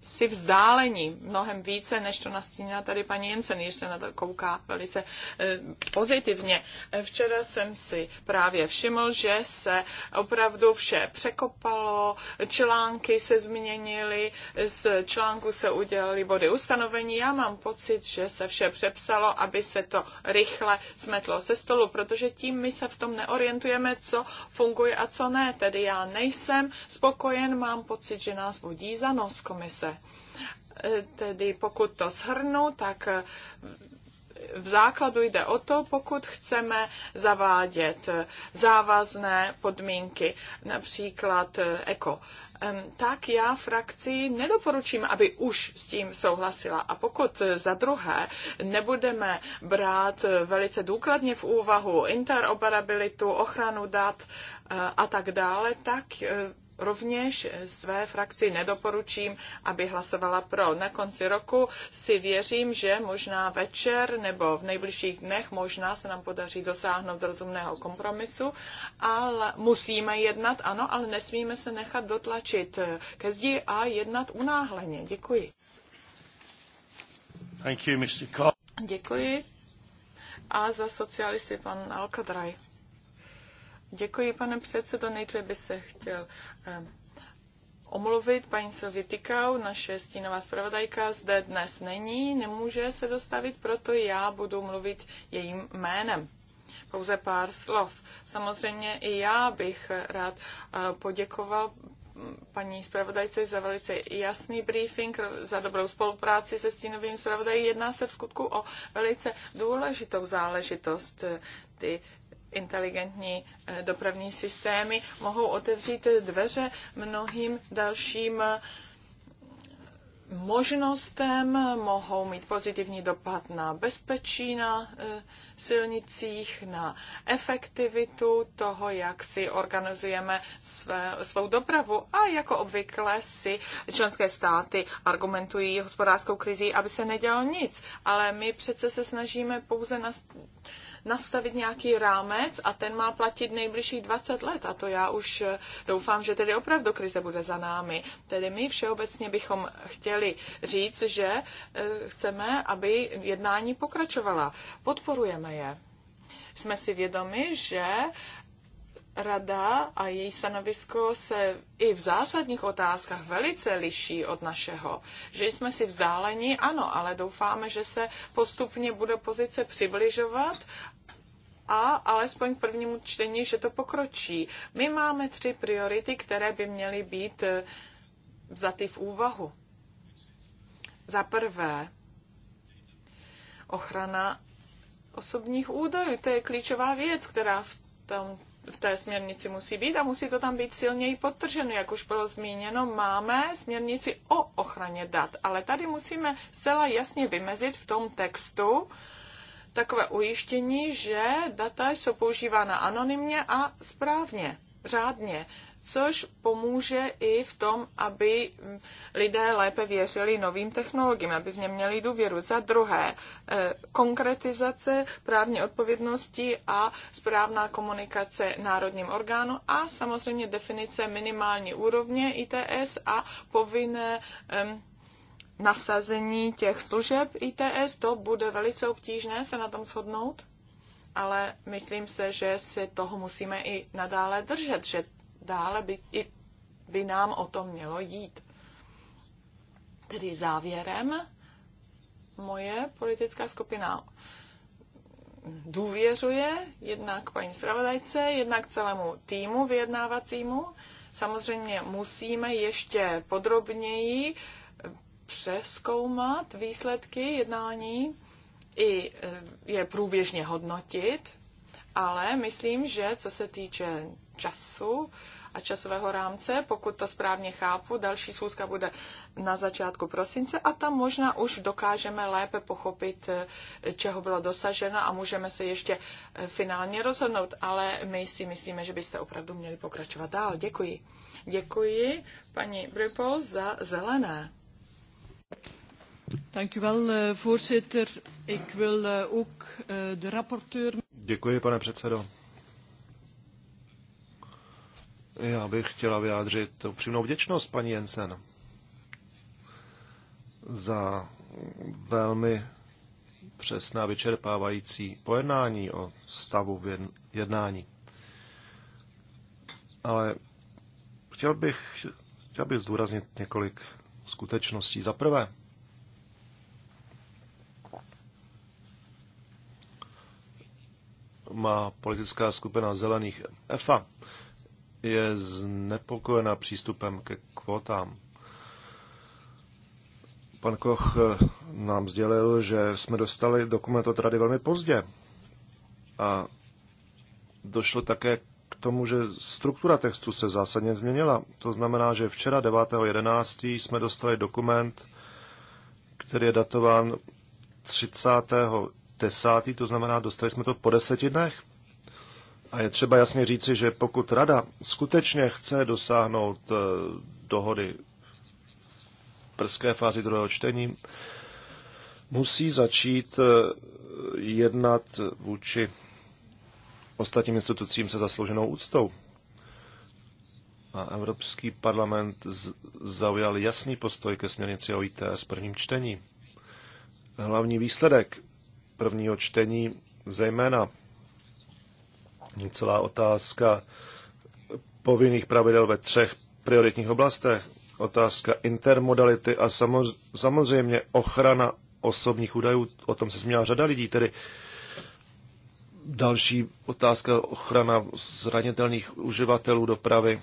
si vzdálení mnohem více, než to nastínila tady paní Jensen, když se na to kouká velice eh, pozitivně. Včera jsem si právě všiml, že se opravdu vše překopalo, články se změnily, z článku se udělali body ustanovení. Já mám pocit, že se vše přepsalo, aby se to rychle smetlo se stolu, protože tím my se v tom neorientujeme, co funguje a co ne. Tedy já nejsem spokojen, mám pocit, že nás vodí za nos komise Tedy pokud to shrnu, tak v základu jde o to, pokud chceme zavádět závazné podmínky, například eko, tak já frakci nedoporučím, aby už s tím souhlasila. A pokud za druhé nebudeme brát velice důkladně v úvahu interoperabilitu, ochranu dat eh, a tak dále, tak eh, rovněž své frakci nedoporučím, aby hlasovala pro. Na konci roku si věřím, že možná večer nebo v nejbližších dnech možná se nám podaří dosáhnout rozumného kompromisu, ale musíme jednat, ano, ale nesmíme se nechat dotlačit ke zdi a jednat unáhleně. Děkuji. Thank you, Mr. Děkuji. A za socialisty pan Alkadraj. Děkuji, pane předsedo. Nejdřív by se chtěl Eh, omluvit. Paní Sylvie Tykau, naše stínová zpravodajka, zde dnes není, nemůže se dostavit, proto já budu mluvit jejím jménem. Pouze pár slov. Samozřejmě i já bych rád eh, poděkoval hm, paní zpravodajce za velice jasný briefing, za dobrou spolupráci se stínovým zpravodají. Jedná se v skutku o velice důležitou záležitost. Ty inteligentní eh, dopravní systémy mohou otevřít dveře mnohým dalším eh, možnostem, mohou mít pozitivní dopad na bezpečí na eh, silnicích, na efektivitu toho, jak si organizujeme své, svou dopravu. A jako obvykle si členské státy argumentují hospodářskou krizí, aby se nedělo nic. Ale my přece se snažíme pouze na nastavit nějaký rámec a ten má platit nejbližších 20 let. A to já už eh, doufám, že tedy opravdu krize bude za námi. Tedy my všeobecně bychom chtěli říct, že eh, chceme, aby jednání pokračovala. Podporujeme je. Jsme si vědomi, že Rada a její stanovisko se i v zásadních otázkách velice liší od našeho. Že jsme si vzdáleni, ano, ale doufáme, že se postupně bude pozice přibližovat a alespoň k prvnímu čtení, že to pokročí. My máme tři priority, které by měly být eh, vzaty v úvahu. Za prvé, ochrana osobních údajů. To je klíčová věc, která v tom v té směrnici musí být a musí to tam být silněji podtrženo. Jak už bylo zmíněno, máme směrnici o ochraně dat, ale tady musíme zcela jasně vymezit v tom textu takové ujištění, že data jsou používána anonymně a správně, řádně což pomůže i v tom, aby lidé lépe věřili novým technologiím, aby v ně měli důvěru. Za druhé, eh, konkretizace právní odpovědnosti a správná komunikace národním orgánu a samozřejmě definice minimální úrovně ITS a povinné nasazení těch služeb ITS, to bude velice obtížné se na tom shodnout ale myslím se, že se toho musíme i nadále držet, že dále by, i, by nám o tom mělo jít. Tedy závěrem moje politická skupina důvěřuje jednak paní zpravodajce, jednak celému týmu vyjednávacímu. Samozřejmě musíme ještě podrobněji přeskoumat výsledky jednání i eh, je průběžně hodnotit, ale myslím, že co se týče času, a časového rámce. Pokud to správně chápu, další schůzka bude na začátku prosince a tam možná už dokážeme lépe pochopit, eh, čeho bylo dosaženo a můžeme se ještě eh, finálně rozhodnout, ale my si myslíme, že byste opravdu měli pokračovat dál. Děkuji. Děkuji paní Brypol za zelené. Děkuji, pane předsedo. Já bych chtěla vyjádřit upřímnou vděčnost paní Jensen za velmi přesná vyčerpávající pojednání o stavu jednání. Ale chtěl bych, chtěl bych zdůraznit několik skutečností. Za prvé, má politická skupina zelených EFA je znepokojena přístupem ke kvotám. Pan Koch eh, nám sdělil, že jsme dostali dokument od rady velmi pozdě a došlo také k tomu, že struktura textu se zásadně změnila. To znamená, že včera 9.11. jsme dostali dokument, který je datován 30.10., to znamená, dostali jsme to po deseti dnech. A je třeba jasně říci, že pokud Rada skutečně chce dosáhnout eh, dohody v prské fázi druhého čtení, musí začít eh, jednat vůči ostatním institucím se zaslouženou úctou. A Evropský parlament zaujal jasný postoj ke směrnici o ITS prvním čtení. Hlavní výsledek prvního čtení, zejména celá otázka povinných pravidel ve třech prioritních oblastech, otázka intermodality a samozřejmě ochrana osobních údajů, o tom se změnila řada lidí, tedy další otázka ochrana zranitelných uživatelů dopravy,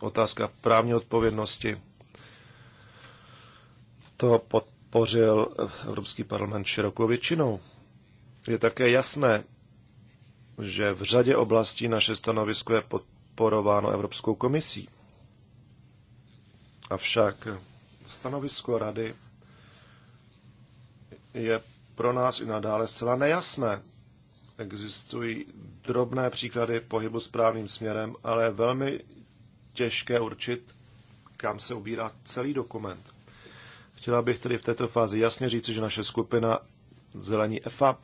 otázka právní odpovědnosti. To podpořil Evropský parlament širokou většinou. Je také jasné, že v řadě oblastí naše stanovisko je podporováno Evropskou komisí. Avšak stanovisko Rady je pro nás i nadále zcela nejasné. Existují drobné příklady pohybu správným směrem, ale je velmi těžké určit, kam se ubírá celý dokument. Chtěla bych tedy v této fázi jasně říci, že naše skupina Zelení EFA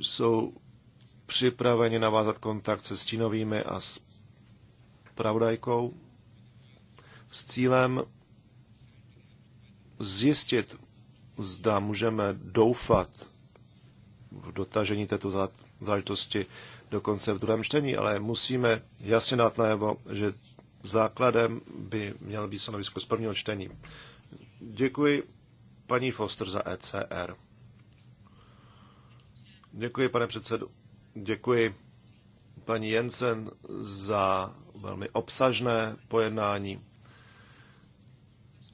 jsou připraveni navázat kontakt se stínovými a s pravdajkou s cílem zjistit, zda můžeme doufat v dotažení této záležitosti dokonce v druhém čtení, ale musíme jasně dát najevo, že základem by měl být stanovisko z prvního čtení. Děkuji paní Foster za ECR. Děkuji, pane předsedu. Děkuji paní Jensen za velmi obsažné pojednání.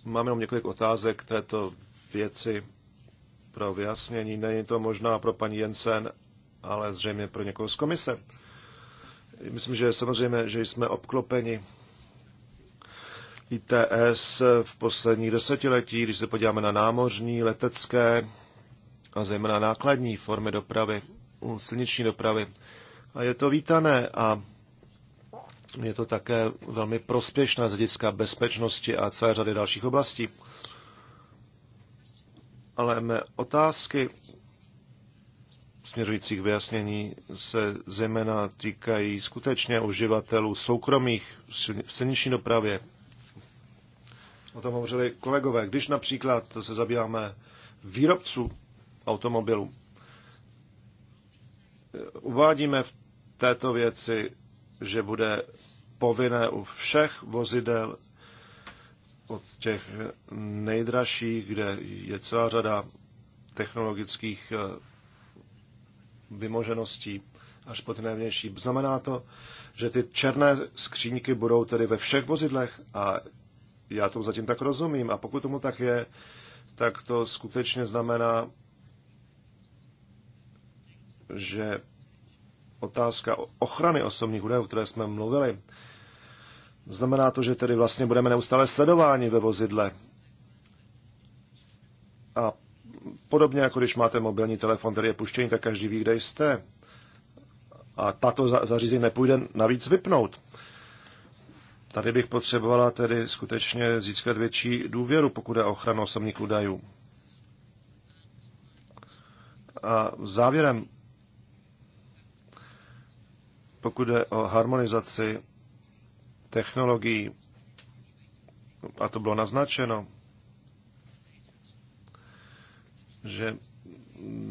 Mám jenom několik otázek k této věci pro vyjasnění. Není to možná pro paní Jensen, ale zřejmě pro někoho z komise. Myslím, že samozřejmě, že jsme obklopeni ITS v posledních desetiletí, když se podíváme na námořní, letecké a zejména nákladní formy dopravy u silniční dopravy. A je to vítané a je to také velmi prospěšné z hlediska bezpečnosti a celé řady dalších oblastí. Ale mé otázky směřující k vyjasnění se zejména týkají skutečně uživatelů soukromých v silniční dopravě. O tom hovořili kolegové. Když například se zabýváme výrobců automobilů, uvádíme v této věci, že bude povinné u všech vozidel od těch nejdražších, kde je celá řada technologických eh, vymožeností až po ty nejvnější. Znamená to, že ty černé skříňky budou tedy ve všech vozidlech a já to zatím tak rozumím. A pokud tomu tak je, tak to skutečně znamená, že otázka ochrany osobních údajů, o které jsme mluvili, znamená to, že tedy vlastně budeme neustále sledováni ve vozidle. A podobně jako když máte mobilní telefon, který je puštěný, tak každý ví, kde jste. A tato zařízení nepůjde navíc vypnout. Tady bych potřebovala tedy skutečně získat větší důvěru, pokud je o ochranu osobních údajů. A závěrem pokud jde o harmonizaci technologií, a to bylo naznačeno, že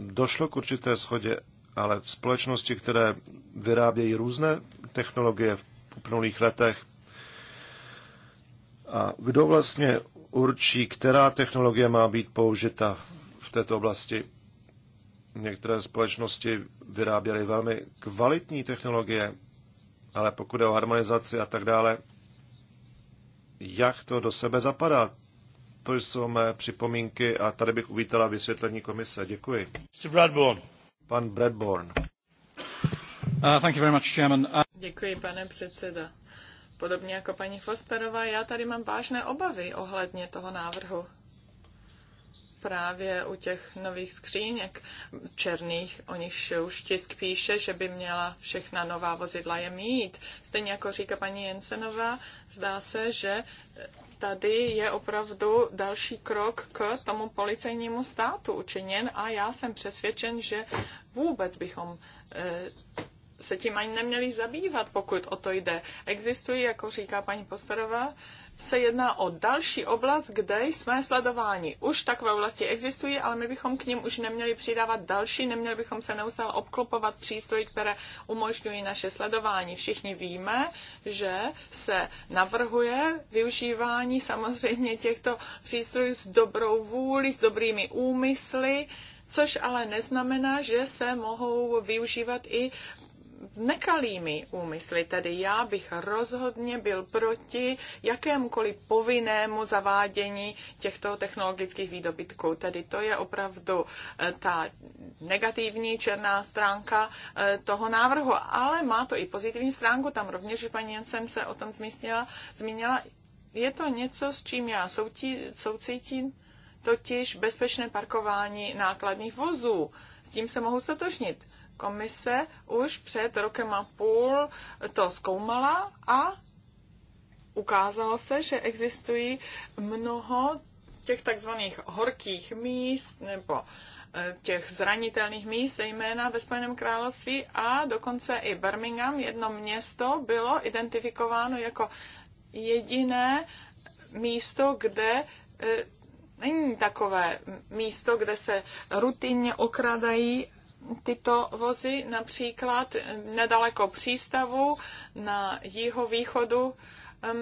došlo k určité schodě, ale v společnosti, které vyrábějí různé technologie v uplynulých letech, a kdo vlastně určí, která technologie má být použita v této oblasti? Některé společnosti vyráběly velmi kvalitní technologie, ale pokud je o harmonizaci a tak dále, jak to do sebe zapadá? To jsou mé připomínky a tady bych uvítala vysvětlení komise. Děkuji. Mr. Bradburn. Pan Bradborn. Uh, thank you very much, Chairman. Uh... Děkuji, pane předseda. Podobně jako paní Fosterová, já tady mám vážné obavy ohledně toho návrhu právě u těch nových skříněk černých, o nichž už tisk píše, že by měla všechna nová vozidla je mít. Stejně jako říká paní Jensenová, zdá se, že tady je opravdu další krok k tomu policejnímu státu učiněn a já jsem přesvědčen, že vůbec bychom eh, se tím ani neměli zabývat, pokud o to jde. Existují, jako říká paní Postarová, se jedná o další oblast, kde jsme sledováni. Už takové oblasti existují, ale my bychom k ním už neměli přidávat další, neměli bychom se neustále obklopovat přístroji, které umožňují naše sledování. Všichni víme, že se navrhuje využívání samozřejmě těchto přístrojů s dobrou vůli, s dobrými úmysly, což ale neznamená, že se mohou využívat i nekalými úmysly. Tedy já bych rozhodně byl proti jakémukoliv povinnému zavádění těchto technologických výdobytků. Tedy to je opravdu eh, ta negativní černá stránka eh, toho návrhu, ale má to i pozitivní stránku, tam rovněž paní Jensen se o tom zmínila, zmínila. Je to něco, s čím já soucítím, totiž bezpečné parkování nákladních vozů. S tím se mohu sotožnit Komise už před rokem a půl to zkoumala a ukázalo se, že existují mnoho těch takzvaných horkých míst nebo eh, těch zranitelných míst, zejména ve Spojeném království a dokonce i Birmingham, jedno město, bylo identifikováno jako jediné místo, kde eh, není takové místo, kde se rutinně okradají tyto vozy například nedaleko přístavu na jihovýchodu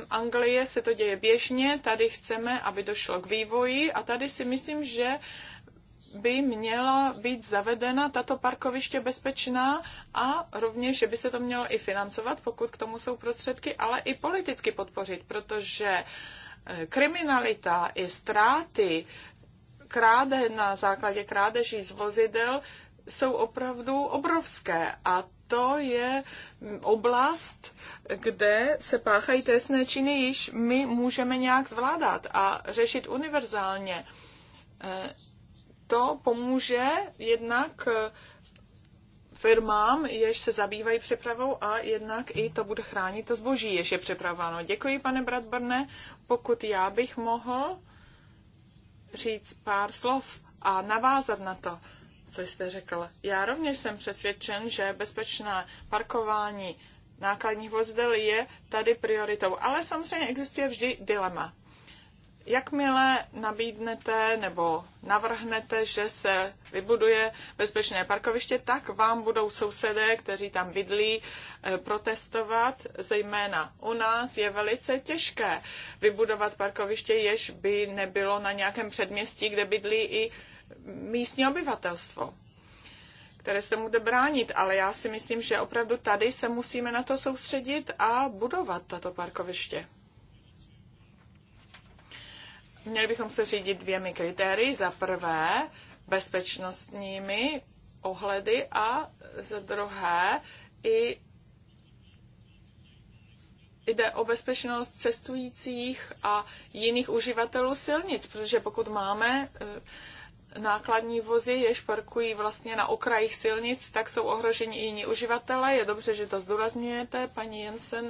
Anglie se to děje běžně, tady chceme, aby došlo k vývoji a tady si myslím, že by měla být zavedena tato parkoviště bezpečná a rovněž, že by se to mělo i financovat, pokud k tomu jsou prostředky, ale i politicky podpořit, protože e, kriminalita i ztráty kráde na základě krádeží z vozidel jsou opravdu obrovské a to je oblast, kde se páchají trestné činy, již my můžeme nějak zvládat a řešit univerzálně. E, to pomůže jednak firmám, jež se zabývají přepravou a jednak i to bude chránit to zboží, jež je přepraváno. Děkuji, pane Bradbrne. Pokud já bych mohl říct pár slov a navázat na to co jste řekl. Já rovněž jsem přesvědčen, že bezpečné parkování nákladních vozidel je tady prioritou, ale samozřejmě existuje vždy dilema. Jakmile nabídnete nebo navrhnete, že se vybuduje bezpečné parkoviště, tak vám budou sousedé, kteří tam bydlí, eh, protestovat. Zejména u nás je velice těžké vybudovat parkoviště, jež by nebylo na nějakém předměstí, kde bydlí i místní obyvatelstvo, které se může bude bránit, ale já si myslím, že opravdu tady se musíme na to soustředit a budovat tato parkoviště. Měli bychom se řídit dvěmi kritérii. Za prvé bezpečnostními ohledy a za druhé i jde o bezpečnost cestujících a jiných uživatelů silnic, protože pokud máme eh, nákladní vozy, jež parkují vlastně na okrajích silnic, tak jsou ohroženi i jiní uživatelé. Je dobře, že to zdůrazňujete, paní Jensen.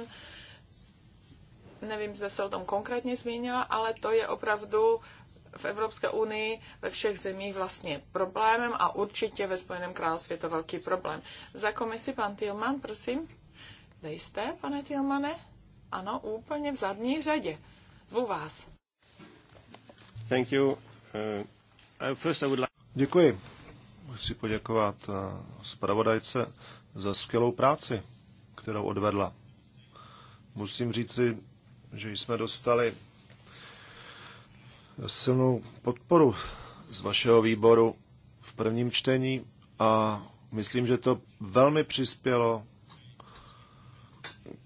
Nevím, zda se o tom konkrétně zmínila, ale to je opravdu v Evropské unii ve všech zemích vlastně problémem a určitě ve Spojeném království je to velký problém. Za komisi pan Tilman, prosím. Kde jste, pane Tilmane? Ano, úplně v zadní řadě. Zvu vás. Thank you. Uh... Uh, Děkuji. Chci poděkovat uh, zpravodajce za skvělou práci, kterou odvedla. Musím říci, že jsme dostali silnou podporu z vašeho výboru v prvním čtení a myslím, že to velmi přispělo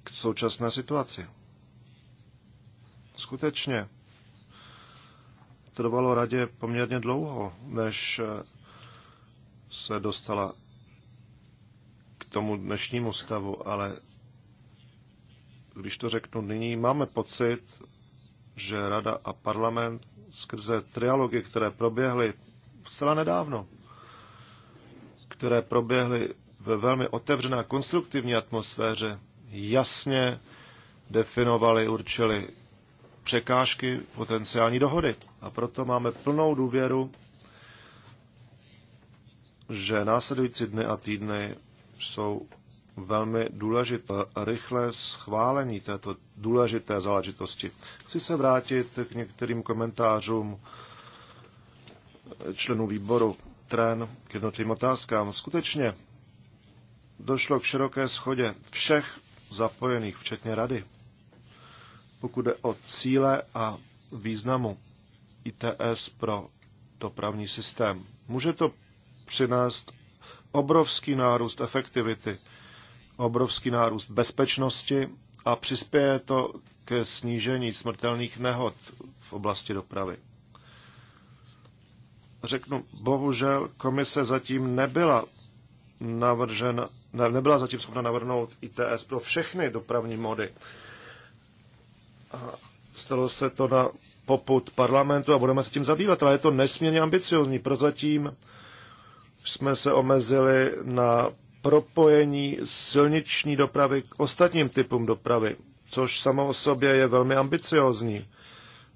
k současné situaci. Skutečně trvalo radě poměrně dlouho, než se dostala k tomu dnešnímu stavu, ale když to řeknu nyní, máme pocit, že Rada a parlament skrze trialogy, které proběhly zcela nedávno, které proběhly ve velmi otevřené a konstruktivní atmosféře, jasně definovali, určili překážky potenciální dohody. A proto máme plnou důvěru, že následující dny a týdny jsou velmi důležité rychlé schválení této důležité záležitosti. Chci se vrátit k některým komentářům členů výboru TREN k jednotlivým otázkám. Skutečně došlo k široké schodě všech zapojených, včetně rady pokud jde o cíle a významu ITS pro dopravní systém. Může to přinést obrovský nárůst efektivity, obrovský nárůst bezpečnosti a přispěje to ke snížení smrtelných nehod v oblasti dopravy. Řeknu, bohužel komise zatím nebyla navržena, ne, nebyla zatím schopna navrhnout ITS pro všechny dopravní mody stalo se to na poput parlamentu a budeme se tím zabývat, ale je to nesmírně ambiciozní. Prozatím jsme se omezili na propojení silniční dopravy k ostatním typům dopravy, což samo o sobě je velmi ambiciozní.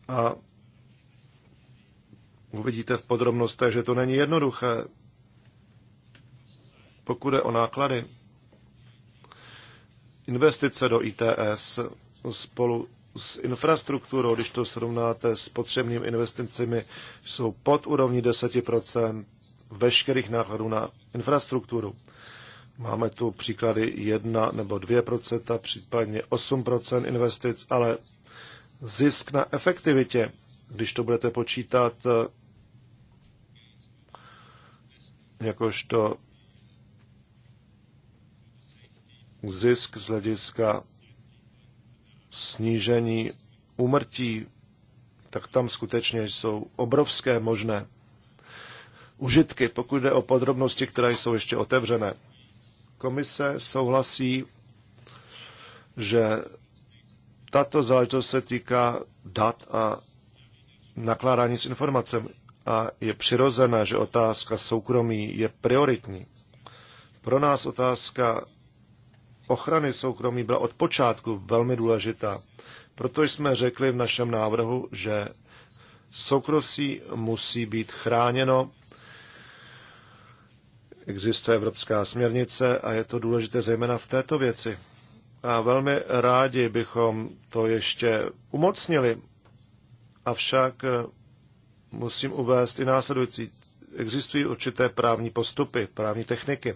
A uvidíte v podrobnostech, že to není jednoduché. Pokud je o náklady, investice do ITS spolu s infrastrukturou, když to srovnáte s potřebnými investicemi, jsou pod úrovní 10% veškerých nákladů na infrastrukturu. Máme tu příklady 1 nebo 2%, případně 8% investic, ale zisk na efektivitě, když to budete počítat eh, jakožto zisk z hlediska snížení úmrtí, tak tam skutečně jsou obrovské možné užitky, pokud jde o podrobnosti, které jsou ještě otevřené. Komise souhlasí, že tato záležitost se týká dat a nakládání s informacemi a je přirozené, že otázka soukromí je prioritní. Pro nás otázka ochrany soukromí byla od počátku velmi důležitá. Proto jsme řekli v našem návrhu, že soukromí musí být chráněno. Existuje evropská směrnice a je to důležité zejména v této věci. A velmi rádi bychom to ještě umocnili. Avšak eh, musím uvést i následující. Existují určité právní postupy, právní techniky.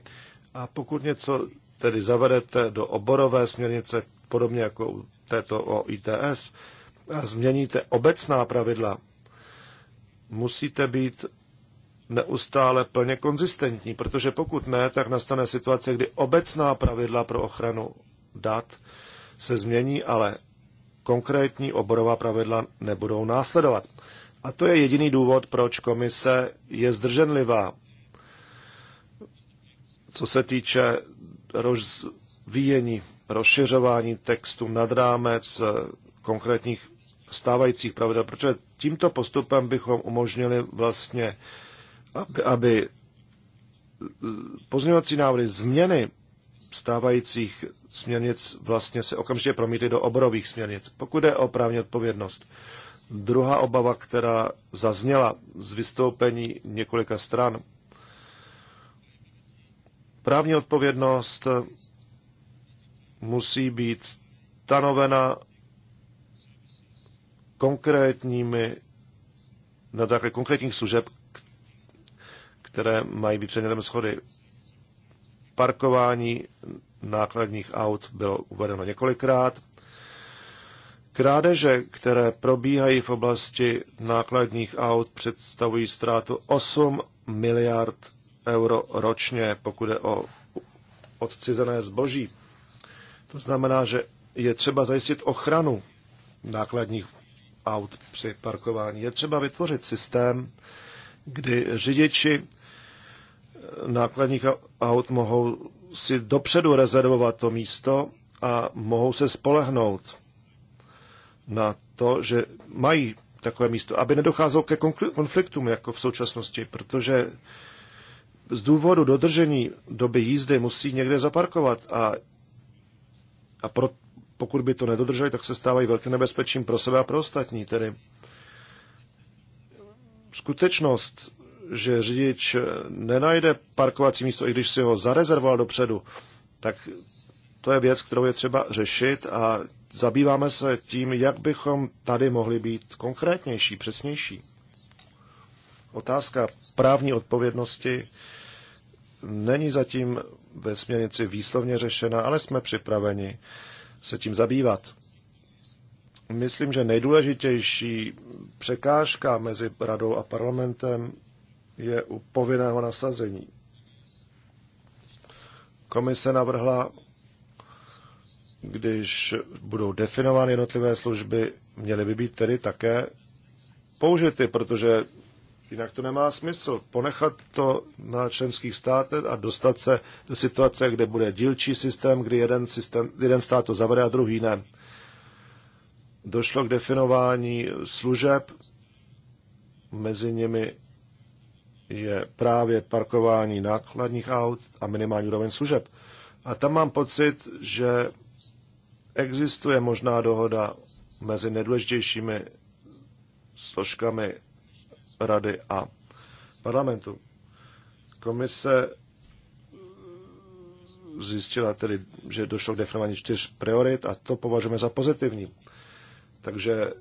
A pokud něco tedy zavedete do oborové směrnice, podobně jako u této o ITS, a změníte obecná pravidla, musíte být neustále plně konzistentní, protože pokud ne, tak nastane situace, kdy obecná pravidla pro ochranu dat se změní, ale konkrétní oborová pravidla nebudou následovat. A to je jediný důvod, proč komise je zdrženlivá, co se týče rozvíjení, rozšiřování textu nad rámec eh, konkrétních stávajících pravidel, protože tímto postupem bychom umožnili vlastně, aby, aby pozměňovací návrhy změny stávajících směrnic vlastně se okamžitě promítly do oborových směrnic, pokud je o právní odpovědnost. Druhá obava, která zazněla z vystoupení několika stran, Právní odpovědnost musí být stanovena konkrétními, na základě konkrétních služeb, které mají být předmětem schody. Parkování nákladních aut bylo uvedeno několikrát. Krádeže, které probíhají v oblasti nákladních aut, představují ztrátu 8 miliard euro ročně, pokud je o odcizené zboží. To znamená, že je třeba zajistit ochranu nákladních aut při parkování. Je třeba vytvořit systém, kdy řidiči nákladních aut mohou si dopředu rezervovat to místo a mohou se spolehnout na to, že mají takové místo, aby nedocházelo ke konfliktům jako v současnosti, protože z důvodu dodržení doby jízdy musí někde zaparkovat a, a pro, pokud by to nedodrželi, tak se stávají velkým nebezpečím pro sebe a pro ostatní. Tedy skutečnost, že řidič nenajde parkovací místo, i když si ho zarezervoval dopředu, tak to je věc, kterou je třeba řešit a zabýváme se tím, jak bychom tady mohli být konkrétnější, přesnější. Otázka právní odpovědnosti není zatím ve směrnici výslovně řešena, ale jsme připraveni se tím zabývat. Myslím, že nejdůležitější překážka mezi radou a parlamentem je u povinného nasazení. Komise navrhla, když budou definovány jednotlivé služby, měly by být tedy také použity, protože Jinak to nemá smysl ponechat to na členských státech a dostat se do situace, kde bude dílčí systém, kdy jeden, systém, jeden stát to zavede a druhý ne. Došlo k definování služeb, mezi nimi je právě parkování nákladních aut a minimální úroveň služeb. A tam mám pocit, že existuje možná dohoda mezi nejdůležitějšími složkami rady a parlamentu. Komise zjistila tedy, že došlo k definování čtyř priorit a to považujeme za pozitivní. Takže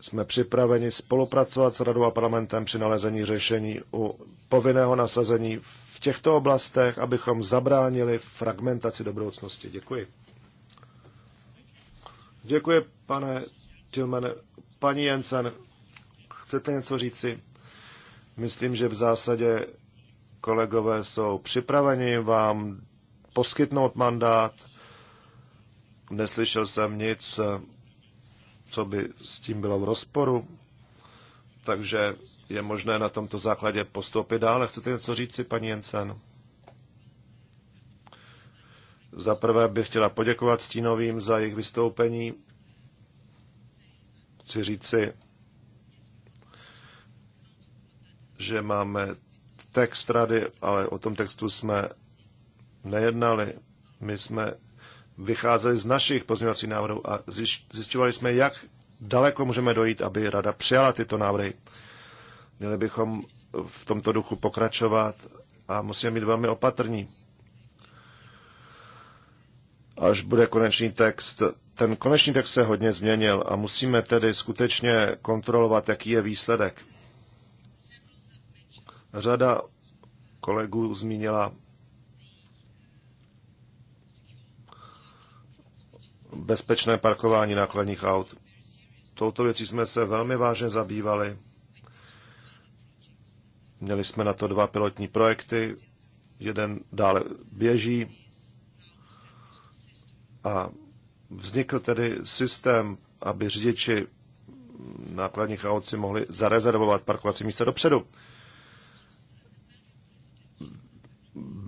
jsme připraveni spolupracovat s Radou a parlamentem při nalezení řešení u povinného nasazení v těchto oblastech, abychom zabránili fragmentaci do budoucnosti. Děkuji. Děkuji, pane Tilman. Paní Jensen, chcete něco říci? Myslím, že v zásadě kolegové jsou připraveni vám poskytnout mandát. Neslyšel jsem nic, co by s tím bylo v rozporu, takže je možné na tomto základě postoupit dále. Chcete něco říci, paní Jensen? Za prvé bych chtěla poděkovat Stínovým za jejich vystoupení. Chci říci, že máme text rady, ale o tom textu jsme nejednali. My jsme vycházeli z našich pozměňovacích návrhů a zjišťovali jsme, jak daleko můžeme dojít, aby rada přijala tyto návrhy. Měli bychom v tomto duchu pokračovat a musíme být velmi opatrní. Až bude konečný text, ten konečný text se hodně změnil a musíme tedy skutečně kontrolovat, jaký je výsledek. Řada kolegů zmínila bezpečné parkování nákladních aut. Touto věcí jsme se velmi vážně zabývali. Měli jsme na to dva pilotní projekty, jeden dále běží a vznikl tedy systém, aby řidiči nákladních aut si mohli zarezervovat parkovací místa dopředu.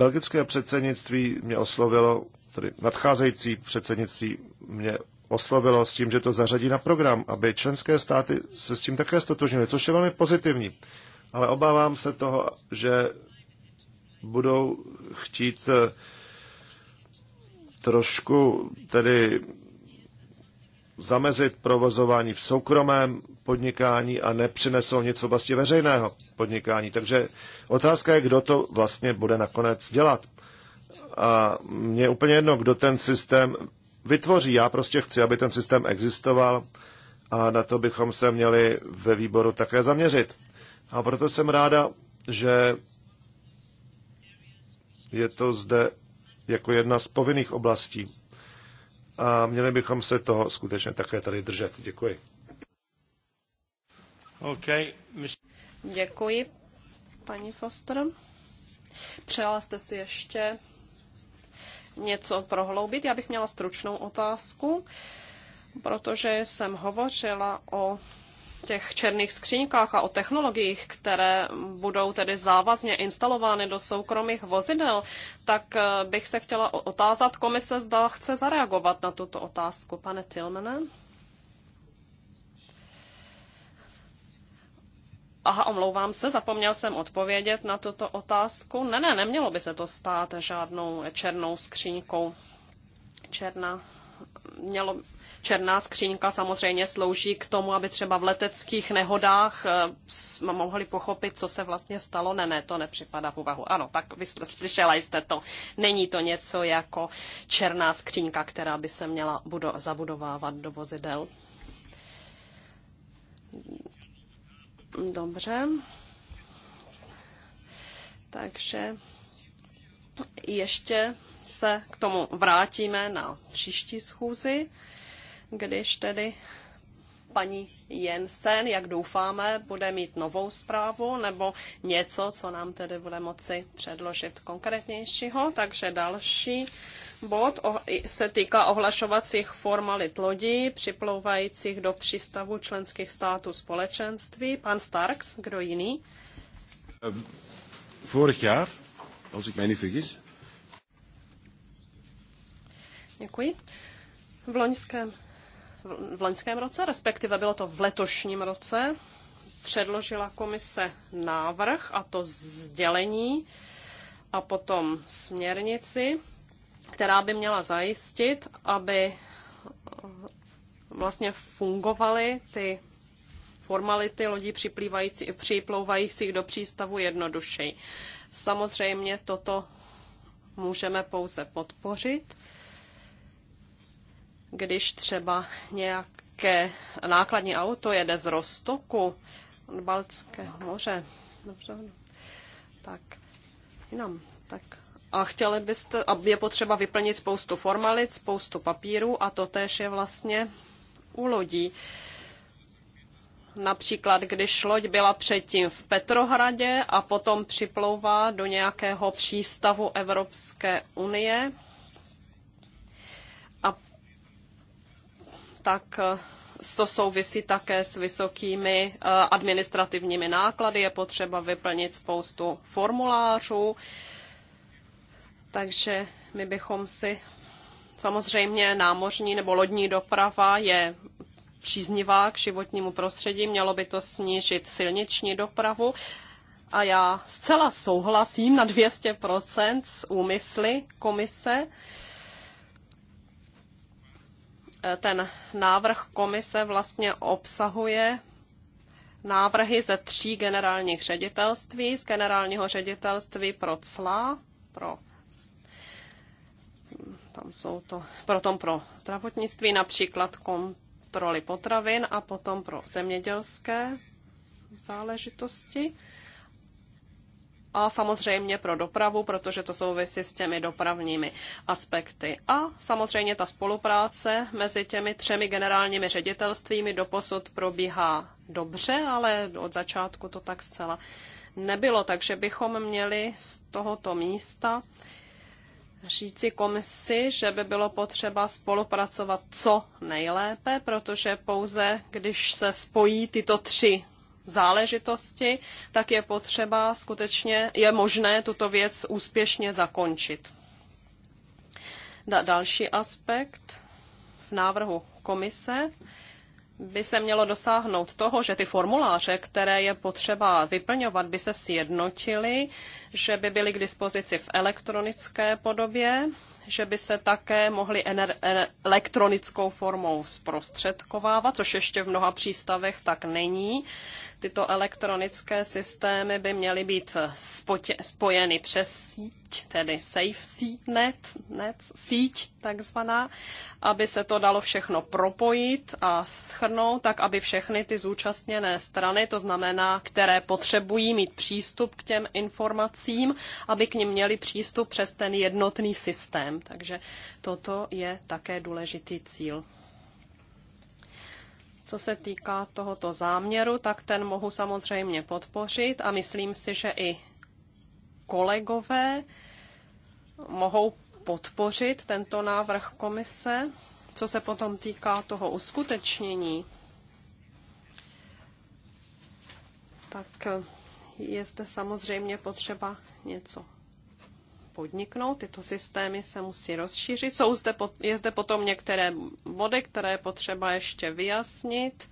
Belgické předsednictví mě oslovilo, tedy nadcházející předsednictví mě oslovilo s tím, že to zařadí na program, aby členské státy se s tím také stotožnily, což je velmi pozitivní. Ale obávám se toho, že budou chtít eh, trošku tedy zamezit provozování v soukromém podnikání a nepřinesou nic v oblasti veřejného podnikání. Takže otázka je, kdo to vlastně bude nakonec dělat. A mně je úplně jedno, kdo ten systém vytvoří. Já prostě chci, aby ten systém existoval a na to bychom se měli ve výboru také zaměřit. A proto jsem ráda, že je to zde jako jedna z povinných oblastí a měli bychom se toho skutečně také tady držet. Děkuji. Okay. Děkuji, paní Foster. Přála jste si ještě něco prohloubit. Já bych měla stručnou otázku, protože jsem hovořila o těch černých skříňkách a o technologiích, které budou tedy závazně instalovány do soukromých vozidel, tak eh, bych se chtěla otázat komise, zda chce zareagovat na tuto otázku. Pane Tilmene? Aha, omlouvám se, zapomněl jsem odpovědět na tuto otázku. Ne, ne, nemělo by se to stát žádnou černou skříňkou. Černá, mělo, Černá skřínka samozřejmě slouží k tomu, aby třeba v leteckých nehodách jsme eh, mohli pochopit, co se vlastně stalo. Ne, ne, to nepřipadá v úvahu. Ano, tak vy slyšela jste to. Není to něco jako černá skřínka, která by se měla budo- zabudovávat do vozidel. Dobře. Takže ještě se k tomu vrátíme na příští schůzi když tedy paní Jensen, jak doufáme, bude mít novou zprávu nebo něco, co nám tedy bude moci předložit konkrétnějšího. Takže další bod se týká ohlašovacích formalit lodí připlouvajících do přístavu členských států společenství. Pan Starks, kdo jiný? Ehm, vorig jaar, als ik mij niet vergis. Děkuji. V loňském v loňském roce, respektive bylo to v letošním roce, předložila komise návrh, a to sdělení a potom směrnici, která by měla zajistit, aby eh, vlastně fungovaly ty formality lodí připlouvajících do přístavu jednodušeji. Samozřejmě toto můžeme pouze podpořit když třeba nějaké nákladní auto jede z Rostoku od Balckého moře, dobře, no. tak jinam, tak a chtěli byste, a je potřeba vyplnit spoustu formalit, spoustu papíru a to též je vlastně u lodí. Například, když loď byla předtím v Petrohradě a potom připlouvá do nějakého přístavu Evropské unie, tak eh, to souvisí také s vysokými eh, administrativními náklady. Je potřeba vyplnit spoustu formulářů. Takže my bychom si samozřejmě námořní nebo lodní doprava je příznivá k životnímu prostředí, mělo by to snížit silniční dopravu. A já zcela souhlasím na 200% s úmysly komise, Eh, ten návrh komise vlastně obsahuje návrhy ze tří generálních ředitelství, z generálního ředitelství pro cla, pro tam jsou to, potom pro zdravotnictví, například kontroly potravin a potom pro zemědělské záležitosti a samozřejmě pro dopravu, protože to souvisí s těmi dopravními aspekty. A samozřejmě ta spolupráce mezi těmi třemi generálními ředitelstvími doposud probíhá dobře, ale od začátku to tak zcela nebylo, takže bychom měli z tohoto místa říci komisi, že by bylo potřeba spolupracovat co nejlépe, protože pouze když se spojí tyto tři záležitosti, tak je potřeba skutečně, je možné tuto věc úspěšně zakončit. Da, další aspekt v návrhu komise by se mělo dosáhnout toho, že ty formuláře, které je potřeba vyplňovat, by se sjednotily, že by byly k dispozici v elektronické podobě, že by se také mohly elektronickou formou zprostředkovávat, což ještě v mnoha přístavech tak není. Tyto elektronické systémy by měly být spojeny přes síť, tedy safe net, net síť, takzvaná, aby se to dalo všechno propojit a schrnout, tak aby všechny ty zúčastněné strany, to znamená, které potřebují mít přístup k těm informacím, aby k nim měli přístup přes ten jednotný systém. Takže toto je také důležitý cíl. Co se týká tohoto záměru, tak ten mohu samozřejmě podpořit a myslím si, že i kolegové mohou podpořit tento návrh komise. Co se potom týká toho uskutečnění, tak je zde samozřejmě potřeba něco podniknout. Tyto systémy se musí rozšířit. Jsou zde, je zde potom některé body, které je potřeba ještě vyjasnit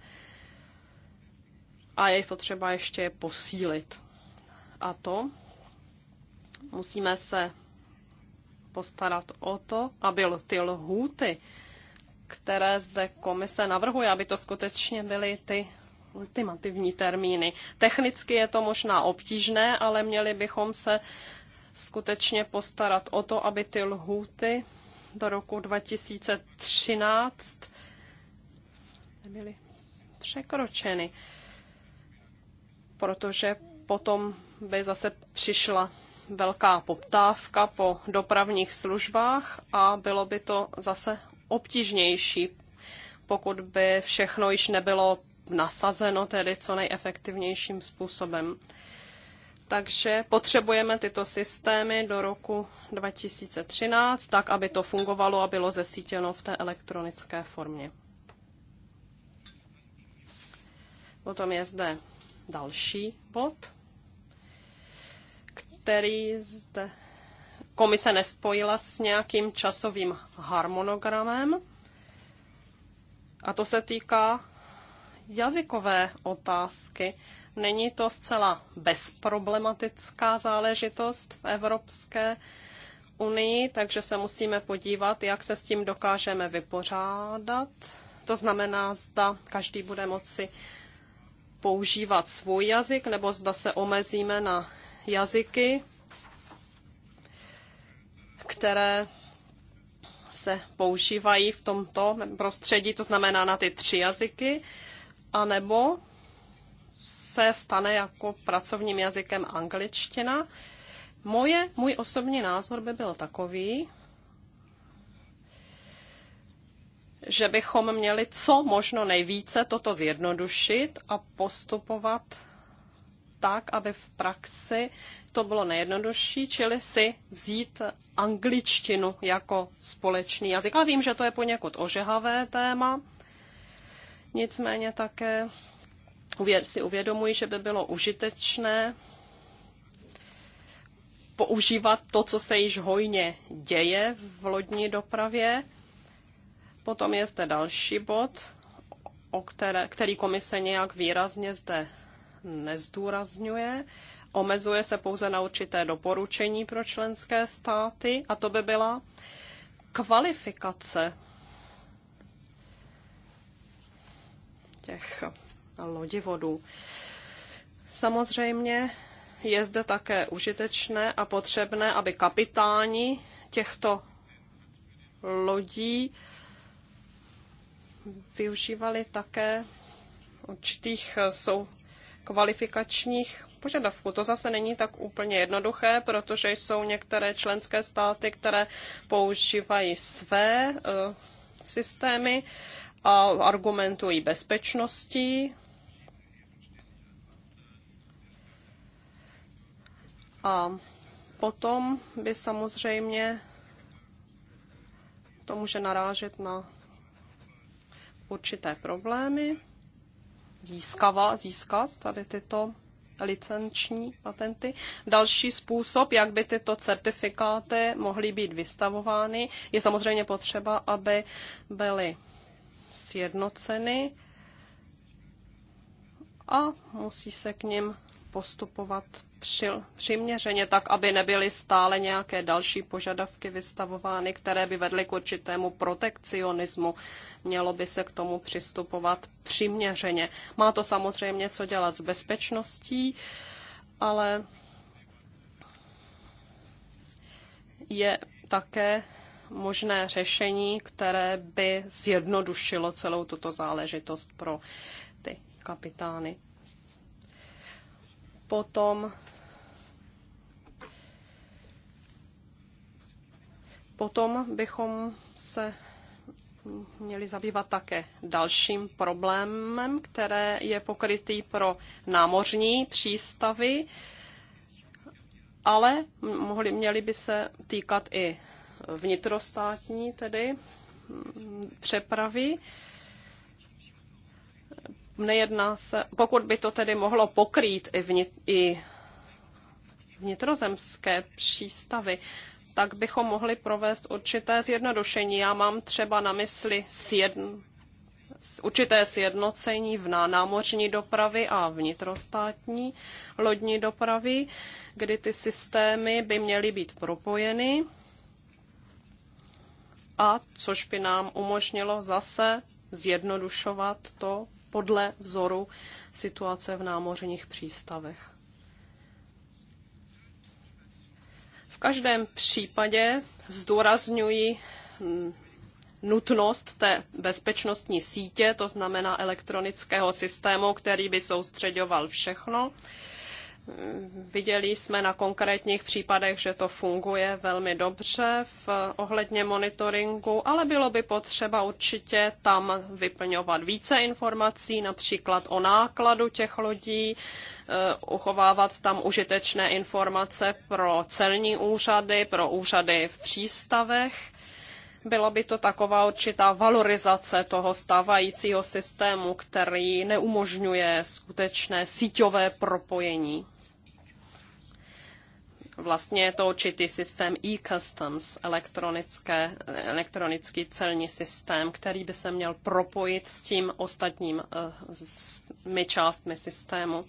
a je potřeba ještě posílit. A to musíme se postarat o to, aby ty lhůty, které zde komise navrhuje, aby to skutečně byly ty ultimativní termíny. Technicky je to možná obtížné, ale měli bychom se skutečně postarat o to, aby ty lhůty do roku 2013 nebyly překročeny, protože potom by zase přišla velká poptávka po dopravních službách a bylo by to zase obtížnější, pokud by všechno již nebylo nasazeno tedy co nejefektivnějším způsobem. Takže potřebujeme tyto systémy do roku 2013, tak aby to fungovalo a bylo zesítěno v té elektronické formě. Potom je zde další bod který zde komise nespojila s nějakým časovým harmonogramem. A to se týká jazykové otázky. Není to zcela bezproblematická záležitost v Evropské unii, takže se musíme podívat, jak se s tím dokážeme vypořádat. To znamená, zda každý bude moci používat svůj jazyk, nebo zda se omezíme na jazyky, které se používají v tomto prostředí, to znamená na ty tři jazyky, anebo se stane jako pracovním jazykem angličtina. Moje, můj osobní názor by byl takový, že bychom měli co možno nejvíce toto zjednodušit a postupovat tak, aby v praxi to bylo nejjednodušší, čili si vzít angličtinu jako společný jazyk. Ale vím, že to je poněkud ožehavé téma, nicméně také si uvědomuji, že by bylo užitečné používat to, co se již hojně děje v lodní dopravě. Potom je zde další bod, o které, který komise nějak výrazně zde nezdůrazňuje. Omezuje se pouze na určité doporučení pro členské státy a to by byla kvalifikace těch lodivodů. Samozřejmě je zde také užitečné a potřebné, aby kapitáni těchto lodí využívali také určitých sou, kvalifikačních požadavků. To zase není tak úplně jednoduché, protože jsou některé členské státy, které používají své eh, systémy a argumentují bezpečností. A potom by samozřejmě to může narážet na určité problémy získava, získat tady tyto licenční patenty. Další způsob, jak by tyto certifikáty mohly být vystavovány, je samozřejmě potřeba, aby byly sjednoceny a musí se k ním postupovat přil, přiměřeně tak, aby nebyly stále nějaké další požadavky vystavovány, které by vedly k určitému protekcionismu. Mělo by se k tomu přistupovat přiměřeně. Má to samozřejmě co dělat s bezpečností, ale je také možné řešení, které by zjednodušilo celou tuto záležitost pro ty kapitány. Potom Potom bychom se měli zabývat také dalším problémem, které je pokrytý pro námořní přístavy, ale mohli, měli by se týkat i vnitrostátní tedy přepravy nejedná se, pokud by to tedy mohlo pokrýt i, vnit, i vnitrozemské přístavy, tak bychom mohli provést určité zjednodušení. Já mám třeba na mysli sjedn, určité sjednocení v námořní dopravy a vnitrostátní lodní dopravy, kdy ty systémy by měly být propojeny a což by nám umožnilo zase zjednodušovat to podle vzoru situace v námořních přístavech. V každém případě zdůrazňuji nutnost té bezpečnostní sítě, to znamená elektronického systému, který by soustředoval všechno. Viděli jsme na konkrétních případech, že to funguje velmi dobře v ohledně monitoringu, ale bylo by potřeba určitě tam vyplňovat více informací, například o nákladu těch lodí, e, uchovávat tam užitečné informace pro celní úřady, pro úřady v přístavech byla by to taková určitá valorizace toho stávajícího systému, který neumožňuje skutečné síťové propojení. Vlastně je to určitý systém e-customs, elektronické, elektronický celní systém, který by se měl propojit s tím ostatním eh, s my částmi systému.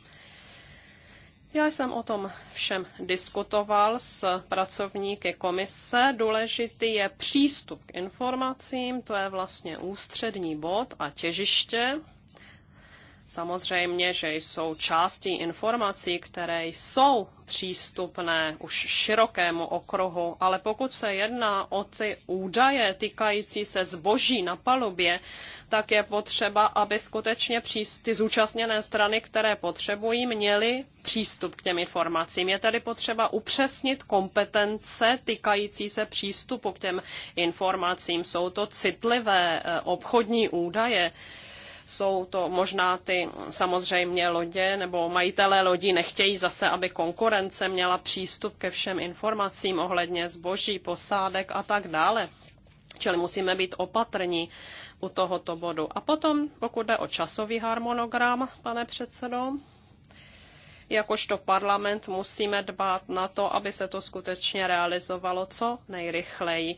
Já jsem o tom všem diskutoval s pracovníky komise. Důležitý je přístup k informacím, to je vlastně ústřední bod a těžiště Samozřejmě, že jsou části informací, které jsou přístupné už širokému okruhu, ale pokud se jedná o ty údaje týkající se zboží na palubě, tak je potřeba, aby skutečně ty zúčastněné strany, které potřebují, měly přístup k těm informacím. Je tedy potřeba upřesnit kompetence týkající se přístupu k těm informacím. Jsou to citlivé eh, obchodní údaje jsou to možná ty samozřejmě lodě nebo majitelé lodí nechtějí zase, aby konkurence měla přístup ke všem informacím ohledně zboží, posádek a tak dále. Čili musíme být opatrní u tohoto bodu. A potom, pokud jde o časový harmonogram, pane předsedo, jakožto parlament musíme dbát na to, aby se to skutečně realizovalo co nejrychleji.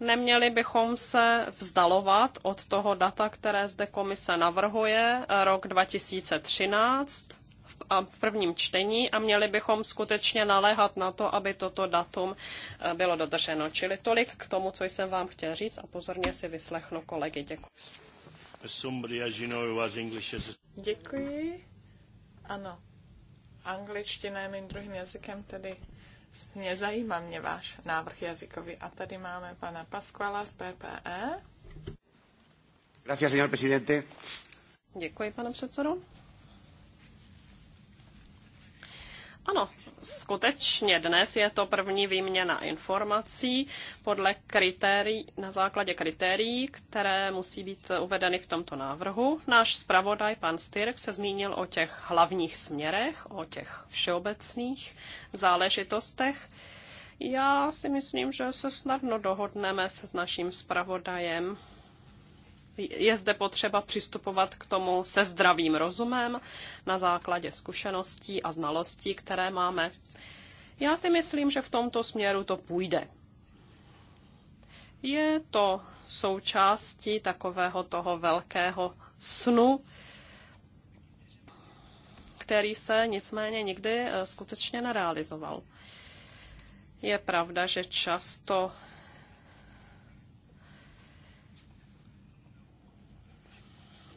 Neměli bychom se vzdalovat od toho data, které zde komise navrhuje, rok 2013 v prvním čtení a měli bychom skutečně naléhat na to, aby toto datum eh, bylo dodrženo. Čili tolik k tomu, co jsem vám chtěl říct a pozorně si vyslechnu kolegy. Děkuji. Děkuji. Ano, angličtina je mým druhým jazykem, tedy mě zajímá mě váš návrh jazykový. A tady máme pana Pasquala z PPE. Gracias, señor presidente. Děkuji, pane předsedo. Ano, skutečně dnes je to první výměna informací podle kritérií, na základě kritérií, které musí být uvedeny v tomto návrhu. Náš zpravodaj, pan Styrk, se zmínil o těch hlavních směrech, o těch všeobecných záležitostech. Já si myslím, že se snadno dohodneme se s naším zpravodajem je zde potřeba přistupovat k tomu se zdravým rozumem na základě zkušeností a znalostí, které máme. Já si myslím, že v tomto směru to půjde. Je to součástí takového toho velkého snu, který se nicméně nikdy eh, skutečně nerealizoval. Je pravda, že často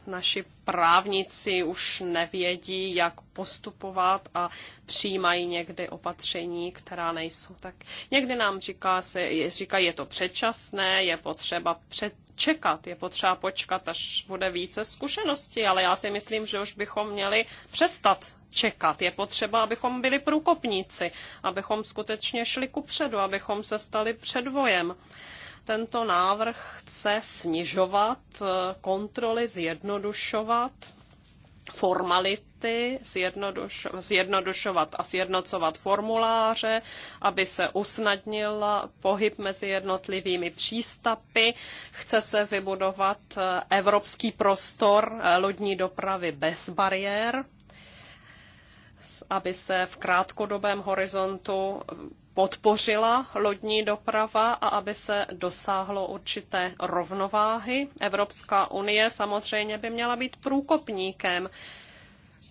naši právníci už nevědí, jak postupovat a přijímají někdy opatření, která nejsou. Tak někdy nám říká se, říká, je to předčasné, je potřeba před čekat, je potřeba počkat, až bude více zkušeností, ale já si myslím, že už bychom měli přestat čekat. Je potřeba, abychom byli průkopníci, abychom skutečně šli kupředu, abychom se stali předvojem. Tento návrh chce snižovat eh, kontroly, zjednodušovat formality, zjednoduš, zjednodušovat a sjednocovat formuláře, aby se usnadnil pohyb mezi jednotlivými přístapy. Chce se vybudovat eh, evropský prostor eh, lodní dopravy bez bariér, aby se v krátkodobém horizontu podpořila lodní doprava a aby se dosáhlo určité rovnováhy. Evropská unie samozřejmě by měla být průkopníkem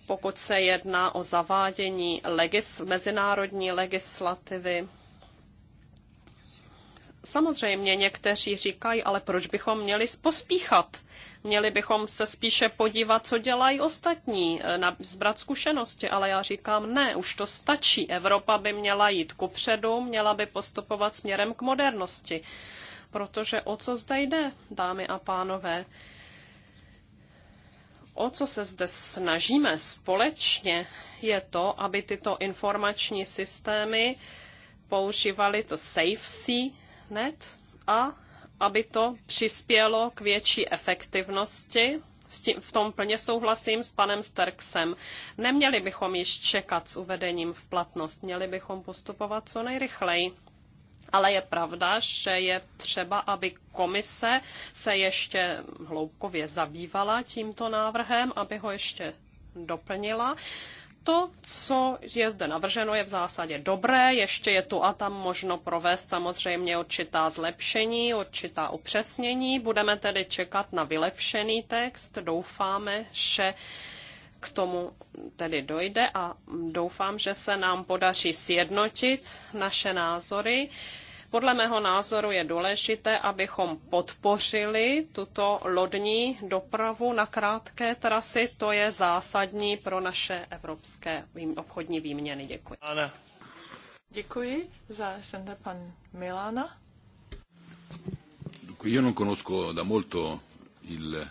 pokud se jedná o zavádění legis- mezinárodní legislativy Samozřejmě někteří říkají, ale proč bychom měli pospíchat? Měli bychom se spíše podívat, co dělají ostatní, e, na zbrat zkušenosti, ale já říkám, ne, už to stačí. Evropa by měla jít kupředu, měla by postupovat směrem k modernosti. Protože o co zde jde, dámy a pánové? O co se zde snažíme společně, je to, aby tyto informační systémy používali to sea, hned a aby to přispělo k větší efektivnosti. Tím, v tom plně souhlasím s panem Sterksem. Neměli bychom již čekat s uvedením v platnost, měli bychom postupovat co nejrychleji. Ale je pravda, že je třeba, aby komise se ještě hloubkově zabývala tímto návrhem, aby ho ještě doplnila. Uh, to, co je zde navrženo, je v zásadě dobré, ještě je tu a tam možno provést samozřejmě určitá zlepšení, určitá upřesnění. Budeme tedy čekat na vylepšený text, doufáme, že k tomu tedy dojde a doufám, že se nám podaří sjednotit naše názory. Podle mého názoru je důležité, abychom podpořili tuto lodní dopravu na krátké trasy. To je zásadní pro naše evropské obchodní výměny. Děkuji. Ana. Děkuji za SND pan Milana. Io non conosco da molto il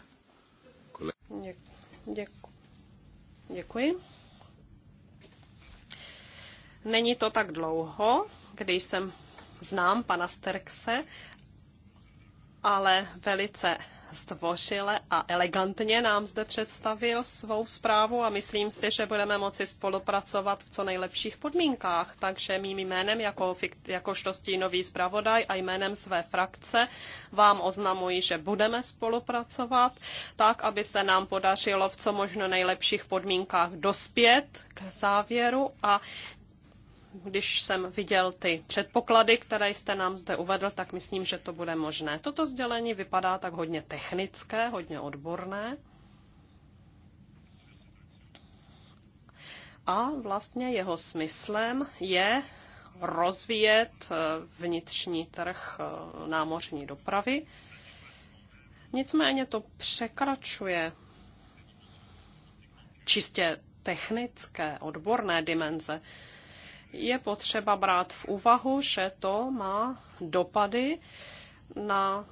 Děkuji. Není to tak dlouho, když jsem znám pana Sterkse, ale velice zdvořile a elegantně nám zde představil svou zprávu a myslím si, že budeme moci spolupracovat v co nejlepších podmínkách. Takže mým jménem jako, jakožto nový zpravodaj a jménem své frakce vám oznamuji, že budeme spolupracovat tak, aby se nám podařilo v co možno nejlepších podmínkách dospět k závěru a když jsem viděl ty předpoklady, které jste nám zde uvedl, tak myslím, že to bude možné. Toto sdělení vypadá tak hodně technické, hodně odborné. A vlastně jeho smyslem je rozvíjet eh, vnitřní trh eh, námořní dopravy. Nicméně to překračuje čistě technické, odborné dimenze je potřeba brát v úvahu, že to má dopady na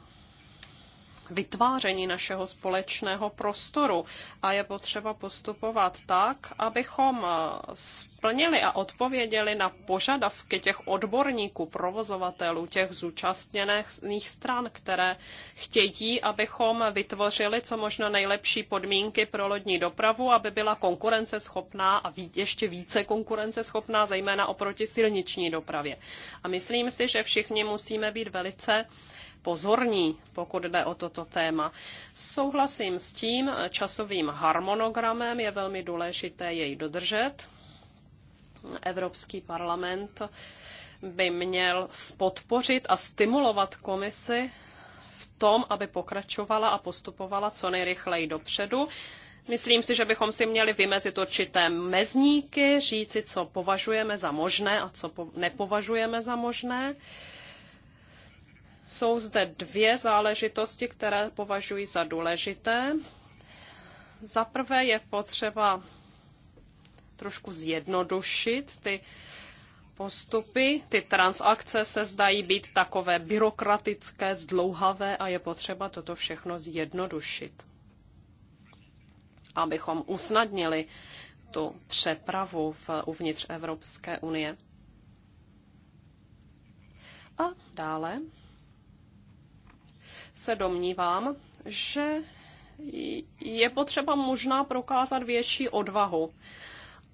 vytváření našeho společného prostoru a je potřeba postupovat tak, abychom s splnili a odpověděli na požadavky těch odborníků, provozovatelů, těch zúčastněných stran, které chtějí, abychom vytvořili co možno nejlepší podmínky pro lodní dopravu, aby byla konkurenceschopná a ještě více konkurenceschopná, zejména oproti silniční dopravě. A myslím si, že všichni musíme být velice pozorní, pokud jde o toto téma. Souhlasím s tím, časovým harmonogramem je velmi důležité jej dodržet. Evropský parlament by měl spodpořit a stimulovat komisi v tom, aby pokračovala a postupovala co nejrychleji dopředu. Myslím si, že bychom si měli vymezit určité mezníky, říci, co považujeme za možné a co nepovažujeme za možné. Jsou zde dvě záležitosti, které považuji za důležité. Za prvé je potřeba trošku zjednodušit ty postupy. Ty transakce se zdají být takové byrokratické, zdlouhavé a je potřeba toto všechno zjednodušit, abychom usnadnili tu přepravu v, uvnitř Evropské unie. A dále se domnívám, že je potřeba možná prokázat větší odvahu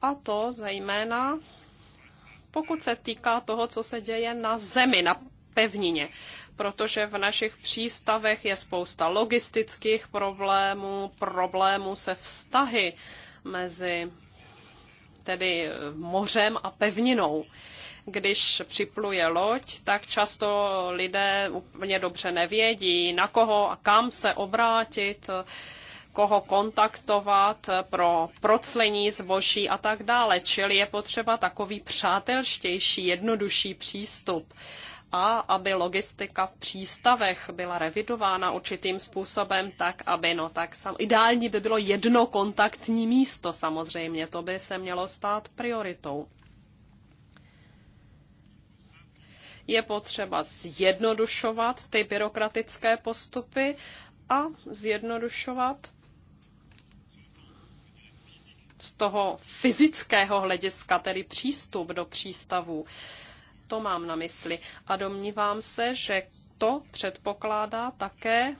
a to zejména pokud se týká toho, co se děje na zemi, na pevnině, protože v našich přístavech je spousta logistických problémů, problémů se vztahy mezi tedy mořem a pevninou. Když připluje loď, tak často lidé úplně dobře nevědí, na koho a kam se obrátit koho kontaktovat eh, pro proclení zboží a tak dále. Čili je potřeba takový přátelštější, jednodušší přístup a aby logistika v přístavech byla revidována určitým způsobem, tak aby, no tak sam, ideální by bylo jedno kontaktní místo samozřejmě, to by se mělo stát prioritou. Je potřeba zjednodušovat ty byrokratické postupy a zjednodušovat z toho fyzického hlediska, tedy přístup do přístavů. To mám na mysli. A domnívám se, že to předpokládá také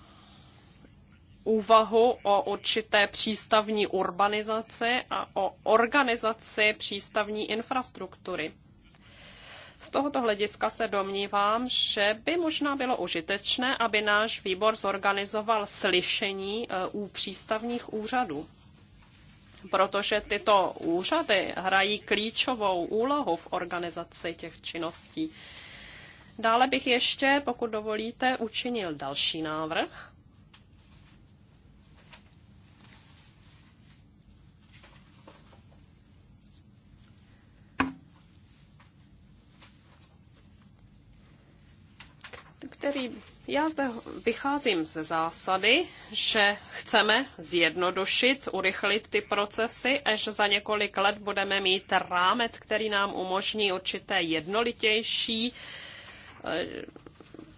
úvahu o určité přístavní urbanizaci a o organizaci přístavní infrastruktury. Z tohoto hlediska se domnívám, že by možná bylo užitečné, aby náš výbor zorganizoval slyšení e, u přístavních úřadů protože tyto úřady hrají klíčovou úlohu v organizaci těch činností. Dále bych ještě, pokud dovolíte, učinil další návrh. který já zde vycházím ze zásady, že chceme zjednodušit, urychlit ty procesy, až za několik let budeme mít rámec, který nám umožní určité jednolitější eh,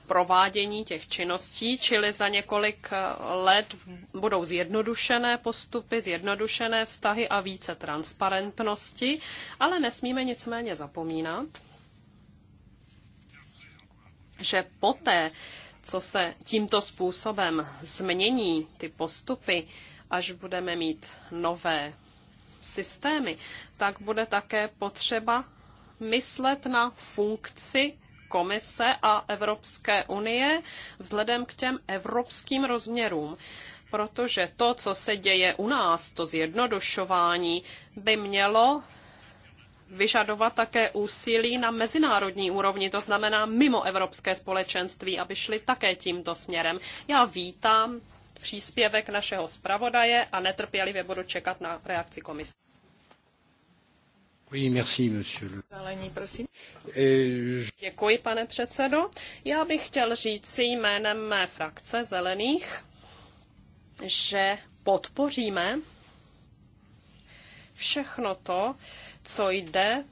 provádění těch činností, čili za několik eh, let budou zjednodušené postupy, zjednodušené vztahy a více transparentnosti, ale nesmíme nicméně zapomínat, že poté, co se tímto způsobem změní ty postupy, až budeme mít nové systémy, tak bude také potřeba myslet na funkci komise a Evropské unie vzhledem k těm evropským rozměrům. Protože to, co se děje u nás, to zjednodušování, by mělo vyžadovat také úsilí na mezinárodní úrovni, to znamená mimo evropské společenství, aby šli také tímto směrem. Já vítám příspěvek našeho zpravodaje a netrpělivě budu čekat na reakci komise. Oui, merci, monsieur. Eh, Děkuji, pane předsedo. Já bych chtěl říci jménem mé frakce Zelených, že podpoříme všechno to, co jde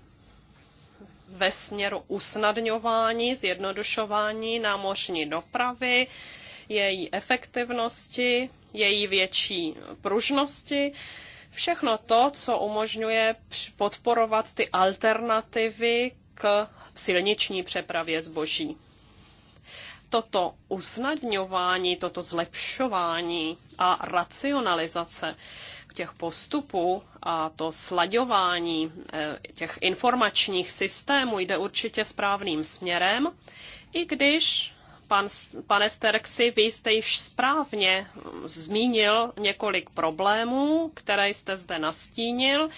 ve směru usnadňování, zjednodušování námořní dopravy, její efektivnosti, její větší pružnosti, všechno to, co umožňuje podporovat ty alternativy k silniční přepravě zboží. Toto usnadňování, toto zlepšování a racionalizace těch postupů a to slaďování eh, těch informačních systémů jde určitě správným směrem, i když pan, pane Sterksi, vy jste již správně hm, zmínil několik problémů, které jste zde nastínil.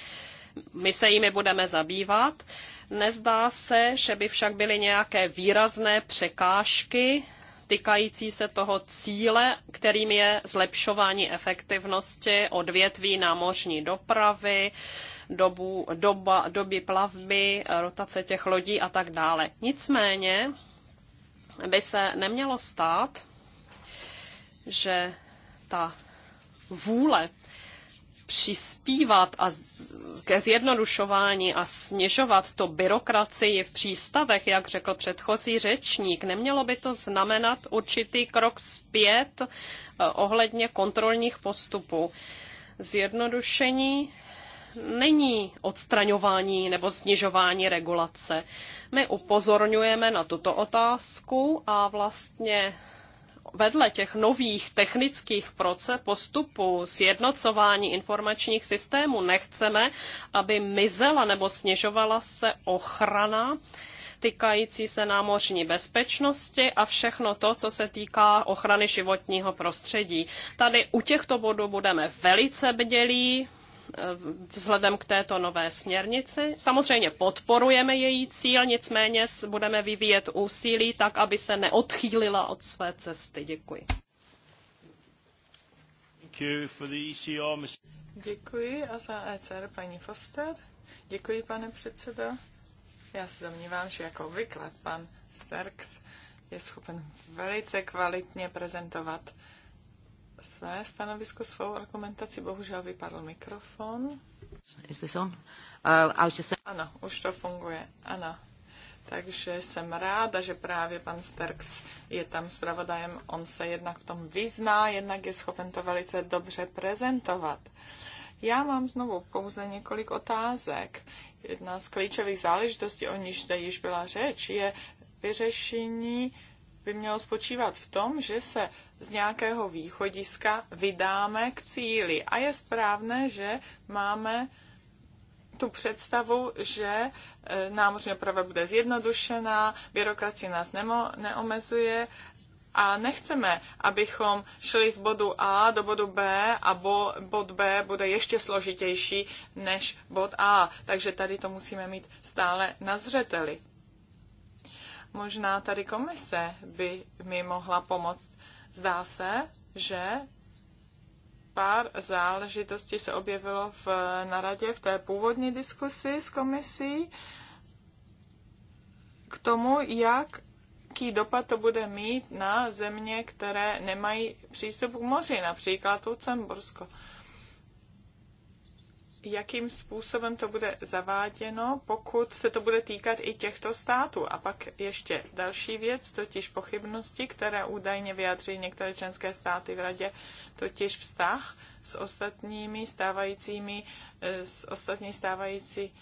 My se jimi budeme zabývat. Nezdá se, že by však byly nějaké výrazné překážky týkající se toho cíle, kterým je zlepšování efektivnosti odvětví námořní dopravy, dobu, doba, doby plavby, rotace těch lodí a tak dále. Nicméně by se nemělo stát, že ta vůle přispívat a ke zjednodušování a snižovat to byrokracii v přístavech, jak řekl předchozí řečník, nemělo by to znamenat určitý krok zpět eh, ohledně kontrolních postupů. Zjednodušení není odstraňování nebo snižování regulace. My upozorňujeme na tuto otázku a vlastně vedle těch nových technických proces, postupů sjednocování informačních systémů nechceme, aby mizela nebo snižovala se ochrana týkající se námořní bezpečnosti a všechno to, co se týká ochrany životního prostředí. Tady u těchto bodů budeme velice bdělí, Eh, vzhledem k této nové směrnici. Samozřejmě podporujeme její cíl, nicméně budeme vyvíjet úsilí tak, aby se neodchýlila od své cesty. Děkuji. E Děkuji a za ECR paní Foster. Děkuji, pane předsedo. Já se domnívám, že jako obvykle pan Sterks je schopen velice kvalitně prezentovat své stanovisko, svou argumentaci. Bohužel vypadl mikrofon. Is this on? Uh, I was just... Ano, už to funguje. Ano. Takže jsem ráda, že právě pan Sterks je tam zpravodajem. On se jednak v tom vyzná, jednak je schopen to velice dobře prezentovat. Já mám znovu pouze několik otázek. Jedna z klíčových záležitostí, o níž zde již byla řeč, je vyřešení by mělo spočívat v tom, že se z nějakého východiska vydáme k cíli. A je správné, že máme tu představu, že e, námořní oprava bude zjednodušená, byrokracie nás nemo, neomezuje a nechceme, abychom šli z bodu A do bodu B a bo, bod B bude ještě složitější než bod A. Takže tady to musíme mít stále na zřeteli. Možná tady komise by mi mohla pomoct Zdá se, že pár záležitostí se objevilo v naradě v té původní diskusi s komisí k tomu, jak jaký dopad to bude mít na země, které nemají přístup k moři, například Lucembursko jakým způsobem to bude zaváděno, pokud se to bude týkat i těchto států. A pak ještě další věc, totiž pochybnosti, které údajně vyjadří některé členské státy v radě, totiž vztah s ostatními stávajícími, eh, s ostatní stávající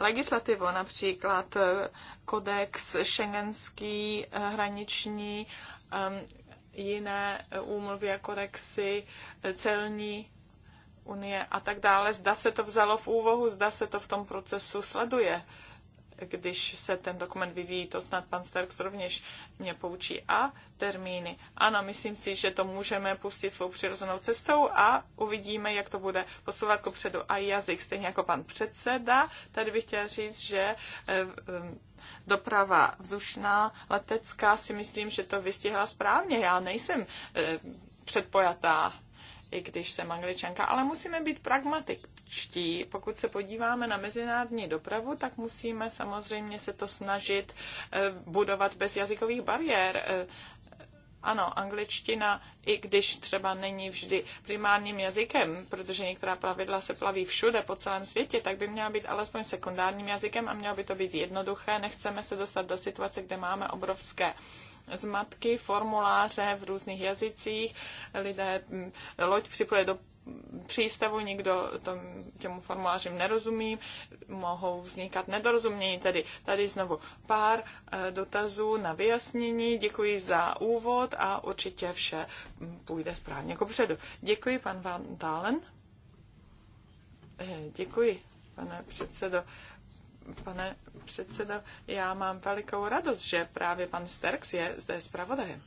legislativou, například eh, kodex šengenský, eh, hraniční, ehm, jiné úmluvy a kodexy, celní unie a tak dále. Zda se to vzalo v úvahu, zda se to v tom procesu sleduje, když se ten dokument vyvíjí, to snad pan Starks rovněž mě poučí. A termíny. Ano, myslím si, že to můžeme pustit svou přirozenou cestou a uvidíme, jak to bude posouvat kopředu. A jazyk, stejně jako pan předseda, tady bych chtěla říct, že eh, eh, doprava vzdušná, letecká si myslím, že to vystihla správně. Já nejsem eh, předpojatá i když jsem angličanka, ale musíme být pragmatičtí. Pokud se podíváme na mezinárodní dopravu, tak musíme samozřejmě se to snažit eh, budovat bez jazykových bariér. Eh, ano, angličtina, i když třeba není vždy primárním jazykem, protože některá pravidla se plaví všude po celém světě, tak by měla být alespoň sekundárním jazykem a mělo by to být jednoduché. Nechceme se dostat do situace, kde máme obrovské uh, zmatky, formuláře v různých jazycích, lidé, mm, loď připoje do přístavu, nikdo tom, těmu formulářím nerozumí, mohou vznikat nedorozumění. Tedy tady znovu pár eh, dotazů na vyjasnění. Děkuji za úvod a určitě vše mm, půjde správně kopředu. Děkuji, pan Van Dalen. Eh, děkuji, pane předsedo pane předsedo, já mám velikou radost, že právě pan Sterks je zde zpravodajem.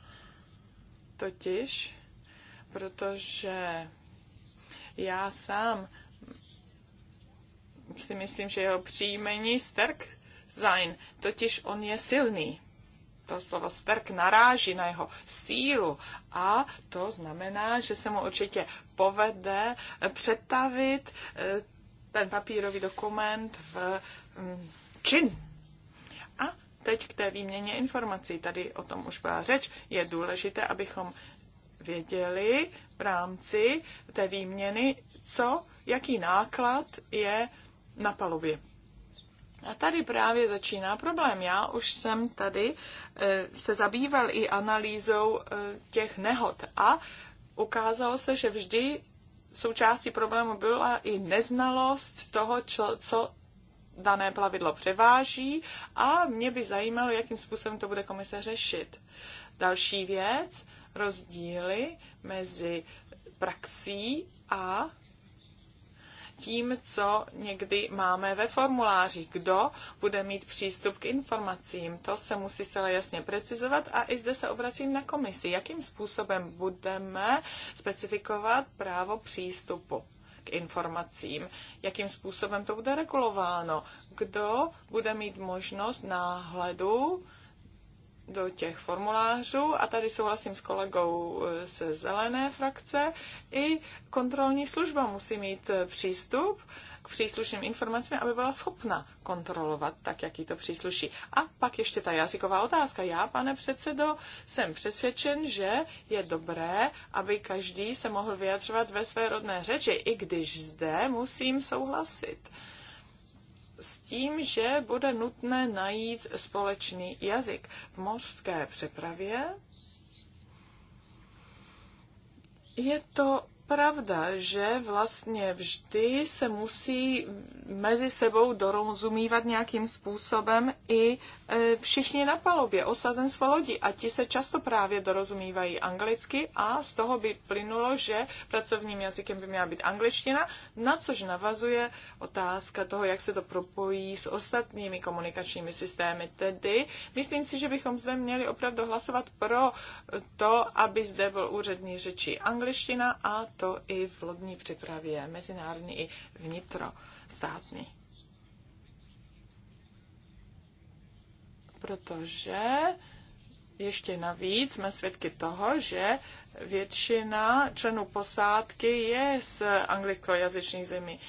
Totiž, protože já sám si myslím, že jeho příjmení Sterk sein, totiž on je silný. To slovo Sterk naráží na jeho sílu a to znamená, že se mu určitě povede přetavit eh, ten papírový dokument v čin. A teď k té výměně informací. Tady o tom už byla řeč. Je důležité, abychom věděli v rámci té výměny, co, jaký náklad je na palubě. A tady právě začíná problém. Já už jsem tady eh, se zabýval i analýzou eh, těch nehod a ukázalo se, že vždy součástí problému byla i neznalost toho, co dané plavidlo převáží a mě by zajímalo, jakým způsobem to bude komise řešit. Další věc, rozdíly mezi praxí a tím, co někdy máme ve formuláři. Kdo bude mít přístup k informacím, to se musí celé jasně precizovat a i zde se obracím na komisi, jakým způsobem budeme specifikovat právo přístupu k informacím, jakým způsobem to bude regulováno, kdo bude mít možnost náhledu do těch formulářů, a tady souhlasím s kolegou eh, ze zelené frakce, i kontrolní služba musí mít eh, přístup k příslušným informacím, aby byla schopna kontrolovat tak, jak jí to přísluší. A pak ještě ta jazyková otázka. Já, pane předsedo, jsem přesvědčen, že je dobré, aby každý se mohl vyjadřovat ve své rodné řeči, i když zde musím souhlasit s tím, že bude nutné najít společný jazyk. V mořské přepravě je to pravda, že vlastně vždy se musí mezi sebou dorozumívat nějakým způsobem i E, všichni na palubě, osazenstvo lodi a ti se často právě dorozumívají anglicky a z toho by plynulo, že pracovním jazykem by měla být angličtina, na což navazuje otázka toho, jak se to propojí s ostatními komunikačními systémy. Tedy myslím si, že bychom zde měli opravdu hlasovat pro to, aby zde byl úřední řeči angličtina a to i v lodní přepravě, mezinárodní i vnitrostátní. protože ještě navíc jsme svědky toho, že většina členů posádky je z anglickojazyčných zemí,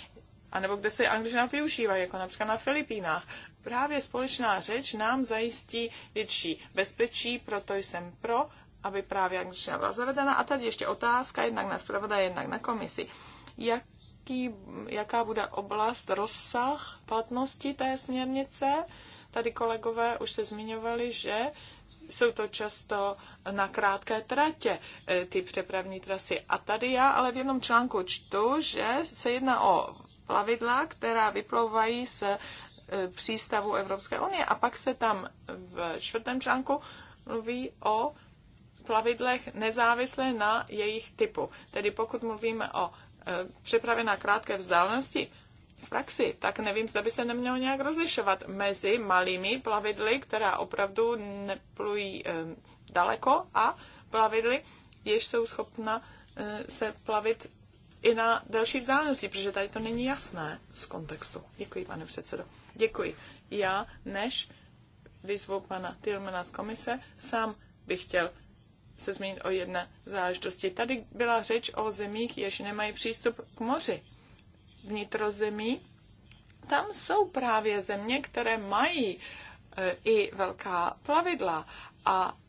anebo kde se angličtina využívá, jako například na Filipínách. Právě společná řeč nám zajistí větší bezpečí, proto jsem pro, aby právě angličtina byla zavedena. A tady ještě otázka, jednak na zpravodaj, jednak na komisi. Jaký, jaká bude oblast, rozsah platnosti té směrnice? Tady kolegové už se zmiňovali, že jsou to často na krátké tratě eh, ty přepravní trasy. A tady já ale v jednom článku čtu, že se jedná o plavidla, která vyplouvají z eh, přístavu Evropské unie. A pak se tam v čtvrtém článku mluví o plavidlech nezávisle na jejich typu. Tedy pokud mluvíme o eh, přepravě na krátké vzdálenosti, v praxi, tak nevím, zda by se nemělo nějak rozlišovat mezi malými plavidly, která opravdu neplují eh, daleko, a plavidly, jež jsou schopna eh, se plavit i na delší vzdálenosti, protože tady to není jasné z kontextu. Děkuji, pane předsedo. Děkuji. Já, než vyzvu pana Tilmana z komise, sám bych chtěl se zmínit o jedné záležitosti. Tady byla řeč o zemích, jež nemají přístup k moři vnitrozemí, tam jsou právě země, které mají e, i velká plavidla a